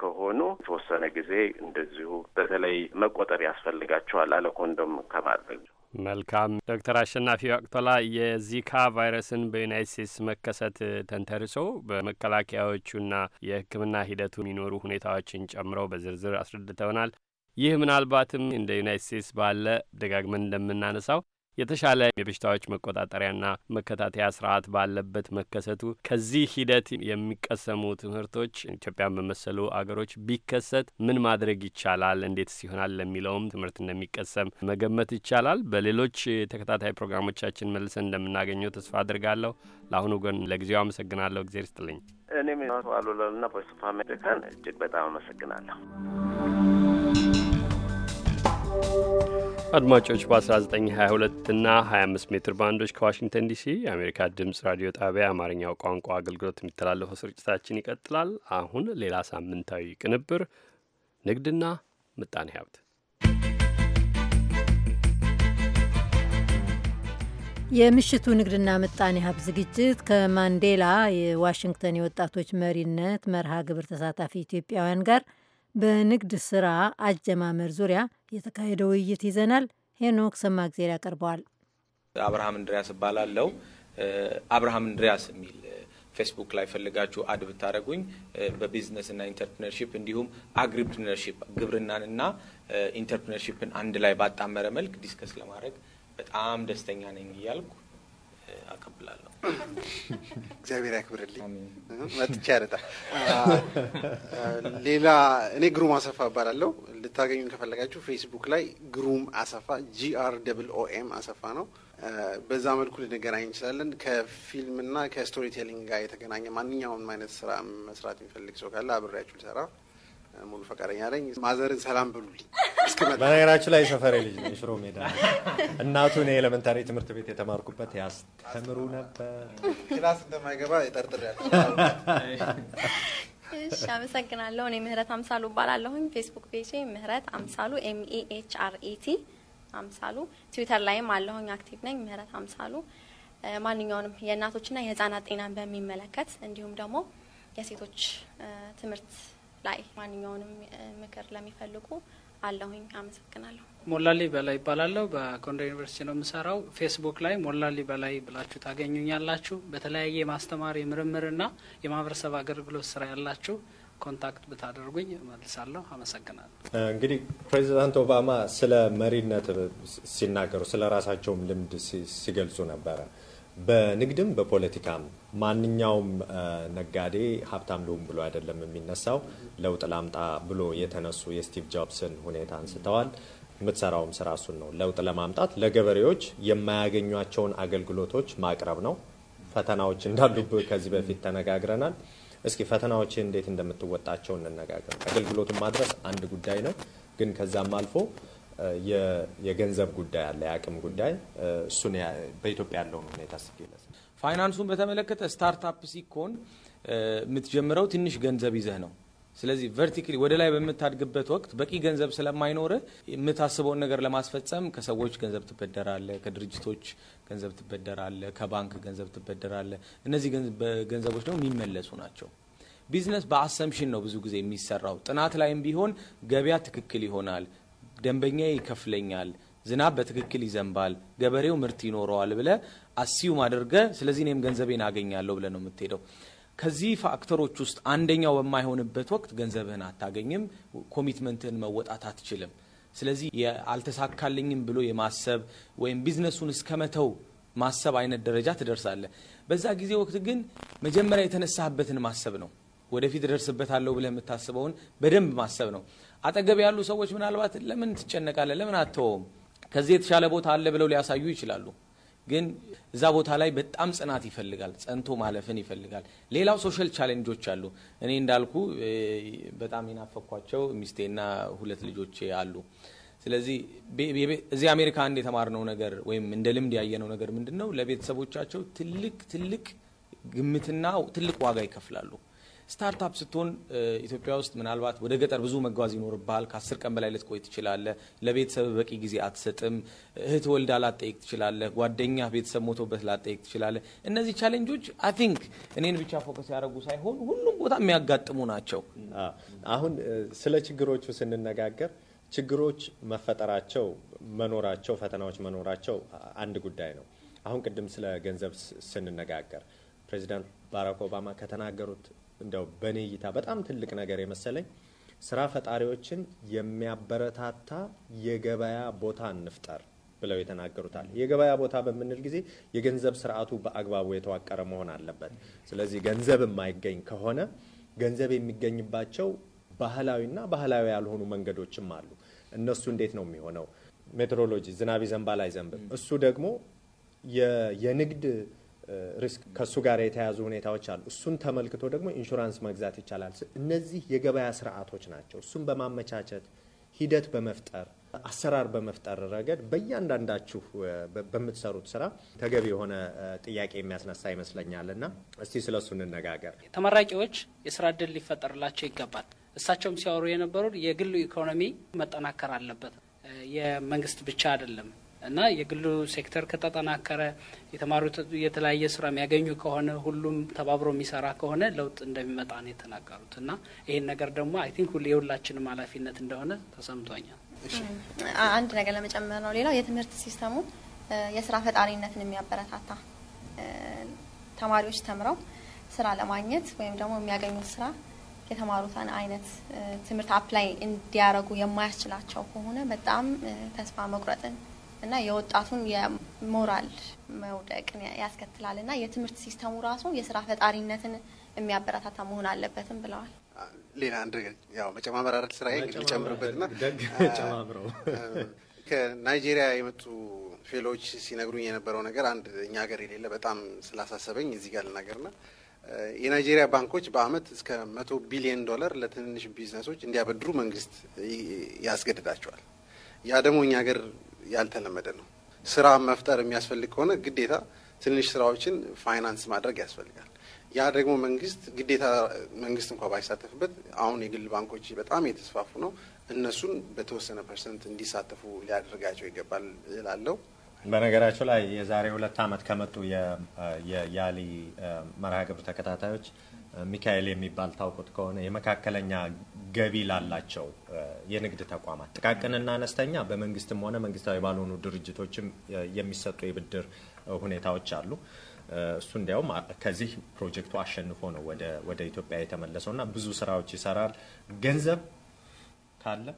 ከሆኑ የተወሰነ ጊዜ እንደዚሁ በተለይ መቆጠብ ያስፈልጋቸዋል አለኮንዶም ከማድረግ። መልካም ዶክተር አሸናፊ ዋቅቶላ የዚካ ቫይረስን በዩናይት ስቴትስ መከሰት ተንተርሶ በመከላከያዎቹና የሕክምና ሂደቱ የሚኖሩ ሁኔታዎችን ጨምረው በዝርዝር አስረድተውናል። ይህ ምናልባትም እንደ ዩናይት ስቴትስ ባለ ደጋግመን እንደምናነሳው የተሻለ የበሽታዎች መቆጣጠሪያና መከታተያ ስርዓት ባለበት መከሰቱ ከዚህ ሂደት የሚቀሰሙ ትምህርቶች ኢትዮጵያን በመሰሉ አገሮች ቢከሰት ምን ማድረግ ይቻላል፣ እንዴት ሲሆናል ለሚለውም ትምህርት እንደሚቀሰም መገመት ይቻላል። በሌሎች ተከታታይ ፕሮግራሞቻችን መልሰን እንደምናገኘው ተስፋ አድርጋለሁ። ለአሁኑ ግን ለጊዜው አመሰግናለሁ። እግዜር ይስጥልኝ። እኔም አሉላልና ቮይስ ኦፍ አሜሪካን እጅግ በጣም አመሰግናለሁ። አድማጮች በ1922 እና 25 ሜትር ባንዶች ከዋሽንግተን ዲሲ የአሜሪካ ድምፅ ራዲዮ ጣቢያ የአማርኛው ቋንቋ አገልግሎት የሚተላለፈው ስርጭታችን ይቀጥላል። አሁን ሌላ ሳምንታዊ ቅንብር ንግድና ምጣኔ ሀብት። የምሽቱ ንግድና ምጣኔ ሀብት ዝግጅት ከማንዴላ የዋሽንግተን የወጣቶች መሪነት መርሃ ግብር ተሳታፊ ኢትዮጵያውያን ጋር በንግድ ስራ አጀማመር ዙሪያ የተካሄደ ውይይት ይዘናል። ሄኖክ ሰማእግዜር ያቀርበዋል። አብርሃም እንድሪያስ እባላለሁ። አብርሃም እንድሪያስ የሚል ፌስቡክ ላይ ፈልጋችሁ አድ ብታደረጉኝ በቢዝነስና ኢንተርፕርነርሽፕ እንዲሁም አግሪፕሪነርሺፕ ግብርናንና ኢንተርፕርነርሽፕን አንድ ላይ ባጣመረ መልክ ዲስከስ ለማድረግ በጣም ደስተኛ ነኝ እያልኩ አቀብላለሁ። እግዚአብሔር ያክብርልኝ። መጥቻ ያረጣ ሌላ እኔ ግሩም አሰፋ እባላለሁ። ልታገኙን ከፈለጋችሁ ፌስቡክ ላይ ግሩም አሰፋ ጂአር ደብል ኦኤም አሰፋ ነው። በዛ መልኩ ልንገናኝ እንችላለን። ከፊልምና ከስቶሪ ቴሊንግ ጋር የተገናኘ ማንኛውም አይነት ስራ መስራት የሚፈልግ ሰው ካለ አብሬያችሁ ልሰራ ሙሉ ፈቃደኛ ነኝ። ማዘርን ሰላም በሉልኝ። በነገራችን ላይ ሰፈሬ ልጅ ነው፣ ሽሮ ሜዳ እናቱ። እኔ ኤሌመንታሪ ትምህርት ቤት የተማርኩበት ያስተምሩ ነበር። ክላስ እንደማይገባ የጠርጥር ያለ እሺ፣ አመሰግናለሁ። እኔ ምህረት አምሳሉ እባላለሁኝ። ፌስቡክ ፔጅ ምህረት አምሳሉ ኤምኤኤች አርኢቲ አምሳሉ። ትዊተር ላይም አለሁኝ አክቲቭ ነኝ፣ ምህረት አምሳሉ። ማንኛውንም የእናቶችና የህጻናት ጤናን በሚመለከት እንዲሁም ደግሞ የሴቶች ትምህርት ላይ ማንኛውንም ምክር ለሚፈልጉ አለሁኝ። አመሰግናለሁ። ሞላሊ በላይ ይባላለሁ። በጎንደር ዩኒቨርሲቲ ነው የምሰራው። ፌስቡክ ላይ ሞላሊ በላይ ብላችሁ ታገኙኛላችሁ። በተለያየ የማስተማር የምርምርና የማህበረሰብ አገልግሎት ስራ ያላችሁ ኮንታክት ብታደርጉኝ መልሳለሁ። አመሰግናለሁ። እንግዲህ ፕሬዚዳንት ኦባማ ስለ መሪነት ሲናገሩ ስለ ራሳቸውም ልምድ ሲገልጹ ነበረ በንግድም በፖለቲካም ማንኛውም ነጋዴ ሀብታም ልሁም ብሎ አይደለም የሚነሳው። ለውጥ ላምጣ ብሎ የተነሱ የስቲቭ ጆብስን ሁኔታ አንስተዋል። የምትሰራውም ስራ እሱን ነው። ለውጥ ለማምጣት ለገበሬዎች የማያገኟቸውን አገልግሎቶች ማቅረብ ነው። ፈተናዎች እንዳሉ ከዚህ በፊት ተነጋግረናል። እስኪ ፈተናዎች እንዴት እንደምትወጣቸው እንነጋገር። አገልግሎቱን ማድረስ አንድ ጉዳይ ነው፣ ግን ከዛም አልፎ የገንዘብ ጉዳይ አለ፣ የአቅም ጉዳይ። እሱን በኢትዮጵያ ያለውን ሁኔታ ስትገለጽ ፋይናንሱን በተመለከተ ስታርታፕ ሲኮን የምትጀምረው ትንሽ ገንዘብ ይዘህ ነው። ስለዚህ ቨርቲካሊ ወደ ላይ በምታድግበት ወቅት በቂ ገንዘብ ስለማይኖር የምታስበውን ነገር ለማስፈጸም ከሰዎች ገንዘብ ትበደራለ፣ ከድርጅቶች ገንዘብ ትበደራለ፣ ከባንክ ገንዘብ ትበደራለ። እነዚህ ገንዘቦች ደግሞ የሚመለሱ ናቸው። ቢዝነስ በአሰምሽን ነው ብዙ ጊዜ የሚሰራው። ጥናት ላይም ቢሆን ገበያ ትክክል ይሆናል ደንበኛ ይከፍለኛል፣ ዝናብ በትክክል ይዘንባል፣ ገበሬው ምርት ይኖረዋል ብለ አስዩም አድርገ ስለዚህ እኔም ገንዘቤን አገኛለሁ ብለ ነው የምትሄደው። ከዚህ ፋክተሮች ውስጥ አንደኛው በማይሆንበት ወቅት ገንዘብህን አታገኝም፣ ኮሚትመንትህን መወጣት አትችልም። ስለዚህ አልተሳካልኝም ብሎ የማሰብ ወይም ቢዝነሱን እስከመተው ማሰብ አይነት ደረጃ ትደርሳለህ። በዛ ጊዜ ወቅት ግን መጀመሪያ የተነሳህበትን ማሰብ ነው። ወደፊት ደርስበታለሁ ብለህ የምታስበውን በደንብ ማሰብ ነው። አጠገብ ያሉ ሰዎች ምናልባት ለምን ትጨነቃለ ለምን አተወውም ከዚህ የተሻለ ቦታ አለ ብለው ሊያሳዩ ይችላሉ። ግን እዛ ቦታ ላይ በጣም ጽናት ይፈልጋል፣ ጸንቶ ማለፍን ይፈልጋል። ሌላው ሶሻል ቻሌንጆች አሉ። እኔ እንዳልኩ በጣም የናፈኳቸው ሚስቴና ሁለት ልጆቼ አሉ። ስለዚህ እዚህ አሜሪካ አንድ የተማርነው ነገር ወይም እንደ ልምድ ያየነው ነገር ምንድን ነው? ለቤተሰቦቻቸው ትልቅ ትልቅ ግምትና ትልቅ ዋጋ ይከፍላሉ። ስታርታፕ ስትሆን ኢትዮጵያ ውስጥ ምናልባት ወደ ገጠር ብዙ መጓዝ ይኖርብሃል። ከአስር ቀን በላይ ልትቆይ ትችላለህ። ለቤተሰብ በቂ ጊዜ አትሰጥም። እህት ወልዳ ላጠይቅ ትችላለህ። ጓደኛ ቤተሰብ ሞቶበት ላጠይቅ ትችላለህ። እነዚህ ቻሌንጆች አይ ቲንክ እኔን ብቻ ፎከስ ያደረጉ ሳይሆን ሁሉም ቦታ የሚያጋጥሙ ናቸው። አሁን ስለ ችግሮቹ ስንነጋገር ችግሮች መፈጠራቸው መኖራቸው፣ ፈተናዎች መኖራቸው አንድ ጉዳይ ነው። አሁን ቅድም ስለ ገንዘብ ስንነጋገር ፕሬዚዳንት ባራክ ኦባማ ከተናገሩት እንደው በእኔ እይታ በጣም ትልቅ ነገር የመሰለኝ ስራ ፈጣሪዎችን የሚያበረታታ የገበያ ቦታ እንፍጠር ብለው የተናገሩታል። የገበያ ቦታ በምንል ጊዜ የገንዘብ ስርዓቱ በአግባቡ የተዋቀረ መሆን አለበት። ስለዚህ ገንዘብ የማይገኝ ከሆነ ገንዘብ የሚገኝባቸው ባህላዊና ባህላዊ ያልሆኑ መንገዶችም አሉ። እነሱ እንዴት ነው የሚሆነው? ሜትሮሎጂ ዝናብ ይዘንባል አይዘንብም፣ እሱ ደግሞ የንግድ ሪስክ ከሱ ጋር የተያዙ ሁኔታዎች አሉ። እሱን ተመልክቶ ደግሞ ኢንሹራንስ መግዛት ይቻላል። እነዚህ የገበያ ስርዓቶች ናቸው። እሱን በማመቻቸት ሂደት በመፍጠር አሰራር በመፍጠር ረገድ በእያንዳንዳችሁ በምትሰሩት ስራ ተገቢ የሆነ ጥያቄ የሚያስነሳ ይመስለኛል እና እስቲ ስለ እሱ እንነጋገር። ተመራቂዎች የስራ እድል ሊፈጠርላቸው ይገባል። እሳቸውም ሲያወሩ የነበሩት የግሉ ኢኮኖሚ መጠናከር አለበት፣ የመንግስት ብቻ አይደለም። እና የግሉ ሴክተር ከተጠናከረ የተማሩት የተለያየ ስራ የሚያገኙ ከሆነ ሁሉም ተባብሮ የሚሰራ ከሆነ ለውጥ እንደሚመጣ ነው የተናገሩት። እና ይህን ነገር ደግሞ አይ ቲንክ የሁላችንም ኃላፊነት እንደሆነ ተሰምቶኛል። አንድ ነገር ለመጨመር ነው። ሌላው የትምህርት ሲስተሙ የስራ ፈጣሪነትን የሚያበረታታ ተማሪዎች ተምረው ስራ ለማግኘት ወይም ደግሞ የሚያገኙት ስራ የተማሩትን አይነት ትምህርት አፕላይ እንዲያረጉ የማያስችላቸው ከሆነ በጣም ተስፋ መቁረጥን እና የወጣቱን የሞራል መውደቅን ያስከትላል እና የትምህርት ሲስተሙ ራሱ የስራ ፈጣሪነትን የሚያበረታታ መሆን አለበትም ብለዋል። ሌላ አንድ ያው መጨማመር አረት ስራ ልጨምርበት ና ከናይጄሪያ የመጡ ፌሎች ሲነግሩኝ የነበረው ነገር አንድ እኛ ሀገር የሌለ በጣም ስላሳሰበኝ እዚህ ጋር ና የናይጄሪያ ባንኮች በአመት እስከ መቶ ቢሊዮን ዶላር ለትንንሽ ቢዝነሶች እንዲያበድሩ መንግስት ያስገድዳቸዋል። ያ ደግሞ እኛ ሀገር ያልተለመደ ነው። ስራ መፍጠር የሚያስፈልግ ከሆነ ግዴታ ትንሽ ስራዎችን ፋይናንስ ማድረግ ያስፈልጋል። ያ ደግሞ መንግስት ግዴታ መንግስት እንኳ ባይሳተፍበት አሁን የግል ባንኮች በጣም የተስፋፉ ነው። እነሱን በተወሰነ ፐርሰንት እንዲሳተፉ ሊያደርጋቸው ይገባል እላለሁ። በነገራቸው ላይ የዛሬ ሁለት ዓመት ከመጡ የያሊ መርሃ ግብር ተከታታዮች ሚካኤል የሚባል ታውቁት ከሆነ የመካከለኛ ገቢ ላላቸው የንግድ ተቋማት ጥቃቅንና አነስተኛ በመንግስትም ሆነ መንግስታዊ ባልሆኑ ድርጅቶችም የሚሰጡ የብድር ሁኔታዎች አሉ። እሱ እንዲያውም ከዚህ ፕሮጀክቱ አሸንፎ ነው ወደ ኢትዮጵያ የተመለሰው እና ብዙ ስራዎች ይሰራል። ገንዘብ ካለ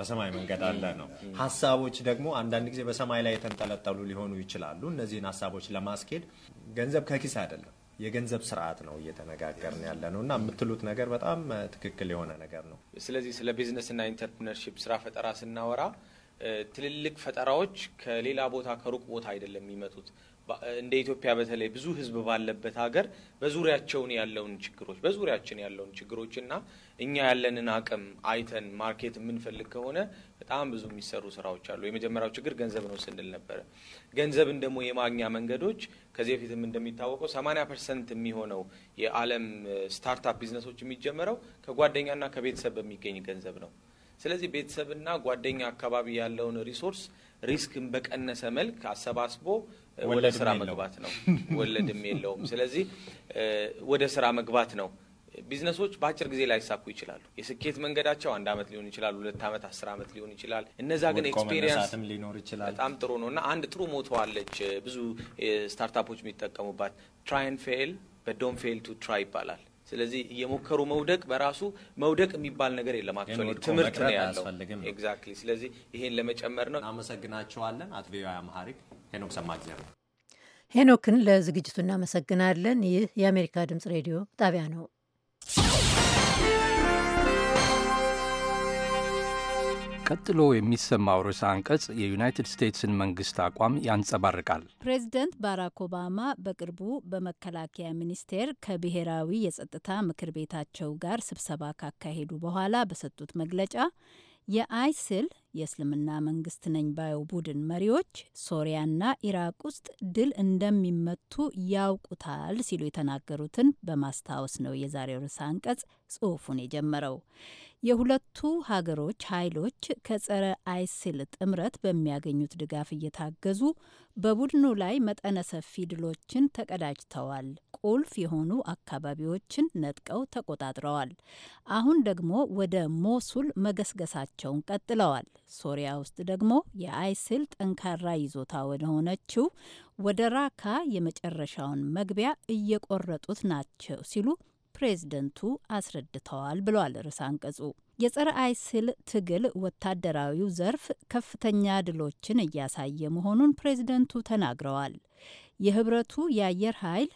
በሰማይ መንገድ አለ ነው። ሀሳቦች ደግሞ አንዳንድ ጊዜ በሰማይ ላይ የተንጠለጠሉ ሊሆኑ ይችላሉ። እነዚህን ሀሳቦች ለማስኬድ ገንዘብ ከኪስ አይደለም የገንዘብ ስርዓት ነው እየተነጋገርን ያለ ነው እና የምትሉት ነገር በጣም ትክክል የሆነ ነገር ነው። ስለዚህ ስለ ቢዝነስና ኢንተርፕርነርሺፕ ስራ ፈጠራ ስናወራ ትልልቅ ፈጠራዎች ከሌላ ቦታ ከሩቅ ቦታ አይደለም የሚመጡት እንደ ኢትዮጵያ በተለይ ብዙ ህዝብ ባለበት ሀገር በዙሪያቸውን ያለውን ችግሮች በዙሪያችን ያለውን ችግሮች እና እኛ ያለንን አቅም አይተን ማርኬት የምንፈልግ ከሆነ በጣም ብዙ የሚሰሩ ስራዎች አሉ። የመጀመሪያው ችግር ገንዘብ ነው ስንል ነበረ። ገንዘብን ደግሞ የማግኛ መንገዶች ከዚህ በፊትም እንደሚታወቀው 80 ፐርሰንት የሚሆነው የዓለም ስታርታፕ ቢዝነሶች የሚጀመረው ከጓደኛና ከቤተሰብ በሚገኝ ገንዘብ ነው። ስለዚህ ቤተሰብና ጓደኛ አካባቢ ያለውን ሪሶርስ ሪስክን በቀነሰ መልክ አሰባስቦ ወደ ስራ መግባት ነው። ወለድም የለውም። ስለዚህ ወደ ስራ መግባት ነው። ቢዝነሶች በአጭር ጊዜ ላይሳኩ ይችላሉ። የስኬት መንገዳቸው አንድ አመት ሊሆን ይችላል፣ ሁለት አመት፣ አስር አመት ሊሆን ይችላል። እነዛ ግን ኤክስፔሪንስ ሊኖር ይችላል። በጣም ጥሩ ነው እና አንድ ጥሩ ሞቶ አለች ብዙ ስታርታፖች የሚጠቀሙባት ትራይን ፌል በዶን ፌል ቱ ትራይ ይባላል። ስለዚህ እየሞከሩ መውደቅ በራሱ መውደቅ የሚባል ነገር የለም። አክቹዋሊ ትምህርት ነው ያለው። ኤግዛክትሊ። ስለዚህ ይሄን ለመጨመር ነው። እናመሰግናቸዋለን። አቶ ቪኦኤ አማሪክ ሄኖክ ሰማእግዜር ነው። ሄኖክን ለዝግጅቱ እናመሰግናለን። ይህ የአሜሪካ ድምጽ ሬዲዮ ጣቢያ ነው። ቀጥሎ የሚሰማው ርዕሰ አንቀጽ የዩናይትድ ስቴትስን መንግስት አቋም ያንጸባርቃል። ፕሬዚደንት ባራክ ኦባማ በቅርቡ በመከላከያ ሚኒስቴር ከብሔራዊ የጸጥታ ምክር ቤታቸው ጋር ስብሰባ ካካሄዱ በኋላ በሰጡት መግለጫ የአይስል የእስልምና መንግስት ነኝ ባዩ ቡድን መሪዎች ሶሪያና ኢራቅ ውስጥ ድል እንደሚመቱ ያውቁታል ሲሉ የተናገሩትን በማስታወስ ነው የዛሬው ርዕሰ አንቀጽ ጽሑፉን የጀመረው። የሁለቱ ሀገሮች ኃይሎች ከጸረ አይሲል ጥምረት በሚያገኙት ድጋፍ እየታገዙ በቡድኑ ላይ መጠነ ሰፊ ድሎችን ተቀዳጅተዋል። ቁልፍ የሆኑ አካባቢዎችን ነጥቀው ተቆጣጥረዋል። አሁን ደግሞ ወደ ሞሱል መገስገሳቸውን ቀጥለዋል። ሶሪያ ውስጥ ደግሞ የአይስል ጠንካራ ይዞታ ወደ ሆነችው ወደ ራካ የመጨረሻውን መግቢያ እየቆረጡት ናቸው ሲሉ ፕሬዝደንቱ አስረድተዋል ብሏል ርዕሰ አንቀጹ። የጸረ አይስል ትግል ወታደራዊው ዘርፍ ከፍተኛ ድሎችን እያሳየ መሆኑን ፕሬዝደንቱ ተናግረዋል። የህብረቱ የአየር ኃይል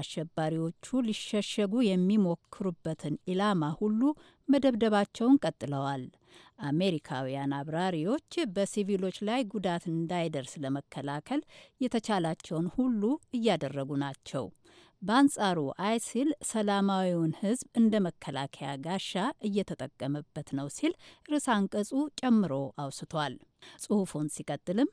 አሸባሪዎቹ ሊሸሸጉ የሚሞክሩበትን ኢላማ ሁሉ መደብደባቸውን ቀጥለዋል። አሜሪካውያን አብራሪዎች በሲቪሎች ላይ ጉዳት እንዳይደርስ ለመከላከል የተቻላቸውን ሁሉ እያደረጉ ናቸው። በአንጻሩ አይሲል ሰላማዊውን ሕዝብ እንደ መከላከያ ጋሻ እየተጠቀመበት ነው ሲል ርዕስ አንቀጹ ጨምሮ አውስቷል። ጽሑፉን ሲቀጥልም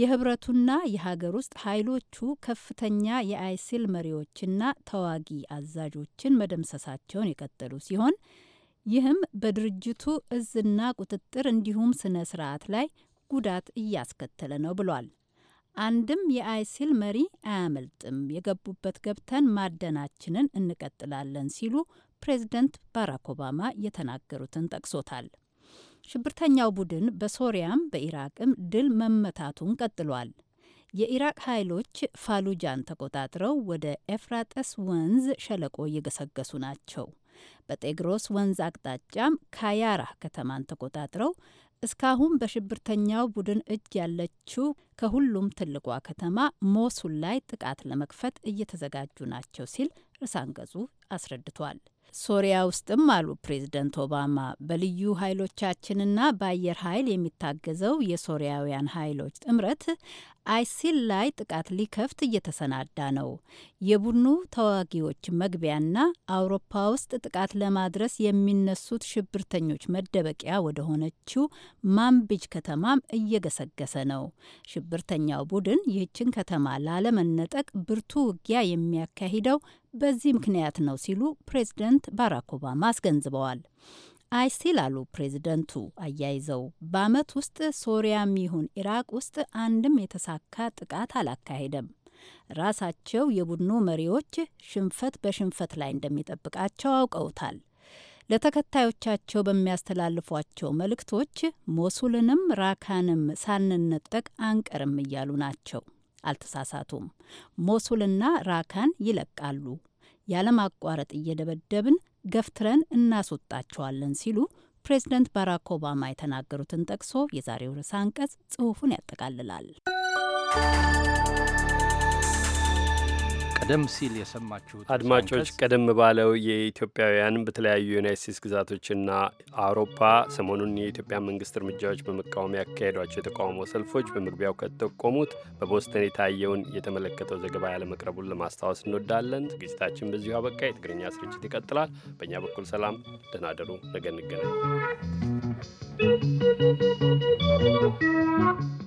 የህብረቱና የሀገር ውስጥ ኃይሎቹ ከፍተኛ የአይሲል መሪዎችና ተዋጊ አዛዦችን መደምሰሳቸውን የቀጠሉ ሲሆን ይህም በድርጅቱ እዝና ቁጥጥር እንዲሁም ስነ ስርዓት ላይ ጉዳት እያስከተለ ነው ብሏል። አንድም የአይሲል መሪ አያመልጥም፣ የገቡበት ገብተን ማደናችንን እንቀጥላለን ሲሉ ፕሬዝደንት ባራክ ኦባማ የተናገሩትን ጠቅሶታል። ሽብርተኛው ቡድን በሶሪያም በኢራቅም ድል መመታቱን ቀጥሏል። የኢራቅ ኃይሎች ፋሉጃን ተቆጣጥረው ወደ ኤፍራጠስ ወንዝ ሸለቆ እየገሰገሱ ናቸው። በጤግሮስ ወንዝ አቅጣጫም ካያራ ከተማን ተቆጣጥረው እስካሁን በሽብርተኛው ቡድን እጅ ያለችው ከሁሉም ትልቋ ከተማ ሞሱል ላይ ጥቃት ለመክፈት እየተዘጋጁ ናቸው ሲል ርዕሰ አንቀጹ አስረድቷል። ሶሪያ ውስጥም አሉ ፕሬዝደንት ኦባማ በልዩ ኃይሎቻችንና በአየር ኃይል የሚታገዘው የሶሪያውያን ኃይሎች ጥምረት አይሲል ላይ ጥቃት ሊከፍት እየተሰናዳ ነው። የቡድኑ ተዋጊዎች መግቢያና አውሮፓ ውስጥ ጥቃት ለማድረስ የሚነሱት ሽብርተኞች መደበቂያ ወደ ሆነችው ማንቢጅ ከተማም እየገሰገሰ ነው። ሽብርተኛው ቡድን ይህችን ከተማ ላለመነጠቅ ብርቱ ውጊያ የሚያካሂደው በዚህ ምክንያት ነው ሲሉ ፕሬዝደንት ባራክ ኦባማ አስገንዝበዋል። አይሲል አሉ ፕሬዝደንቱ አያይዘው በአመት ውስጥ ሶሪያም ይሁን ኢራቅ ውስጥ አንድም የተሳካ ጥቃት አላካሄደም። ራሳቸው የቡድኑ መሪዎች ሽንፈት በሽንፈት ላይ እንደሚጠብቃቸው አውቀውታል። ለተከታዮቻቸው በሚያስተላልፏቸው መልእክቶች ሞሱልንም ራካንም ሳንነጠቅ አንቀርም እያሉ ናቸው። አልተሳሳቱም። ሞሱልና ራካን ይለቃሉ፣ ያለማቋረጥ እየደበደብን ገፍትረን እናስወጣቸዋለን ሲሉ ፕሬዝደንት ባራክ ኦባማ የተናገሩትን ጠቅሶ የዛሬው ርዕሰ አንቀጽ ጽሑፉን ያጠቃልላል። ቀደም ሲል የሰማችሁት አድማጮች ቀደም ባለው የኢትዮጵያውያን በተለያዩ የዩናይት ስቴትስ ግዛቶችና አውሮፓ ሰሞኑን የኢትዮጵያ መንግስት እርምጃዎች በመቃወም ያካሄዷቸው የተቃውሞ ሰልፎች በመግቢያው ከተጠቆሙት በቦስተን የታየውን የተመለከተው ዘገባ ያለመቅረቡን ለማስታወስ እንወዳለን። ዝግጅታችን በዚሁ አበቃ። የትግርኛ ስርጭት ይቀጥላል። በእኛ በኩል ሰላም፣ ደህና እደሩ። ነገ እንገናኝ።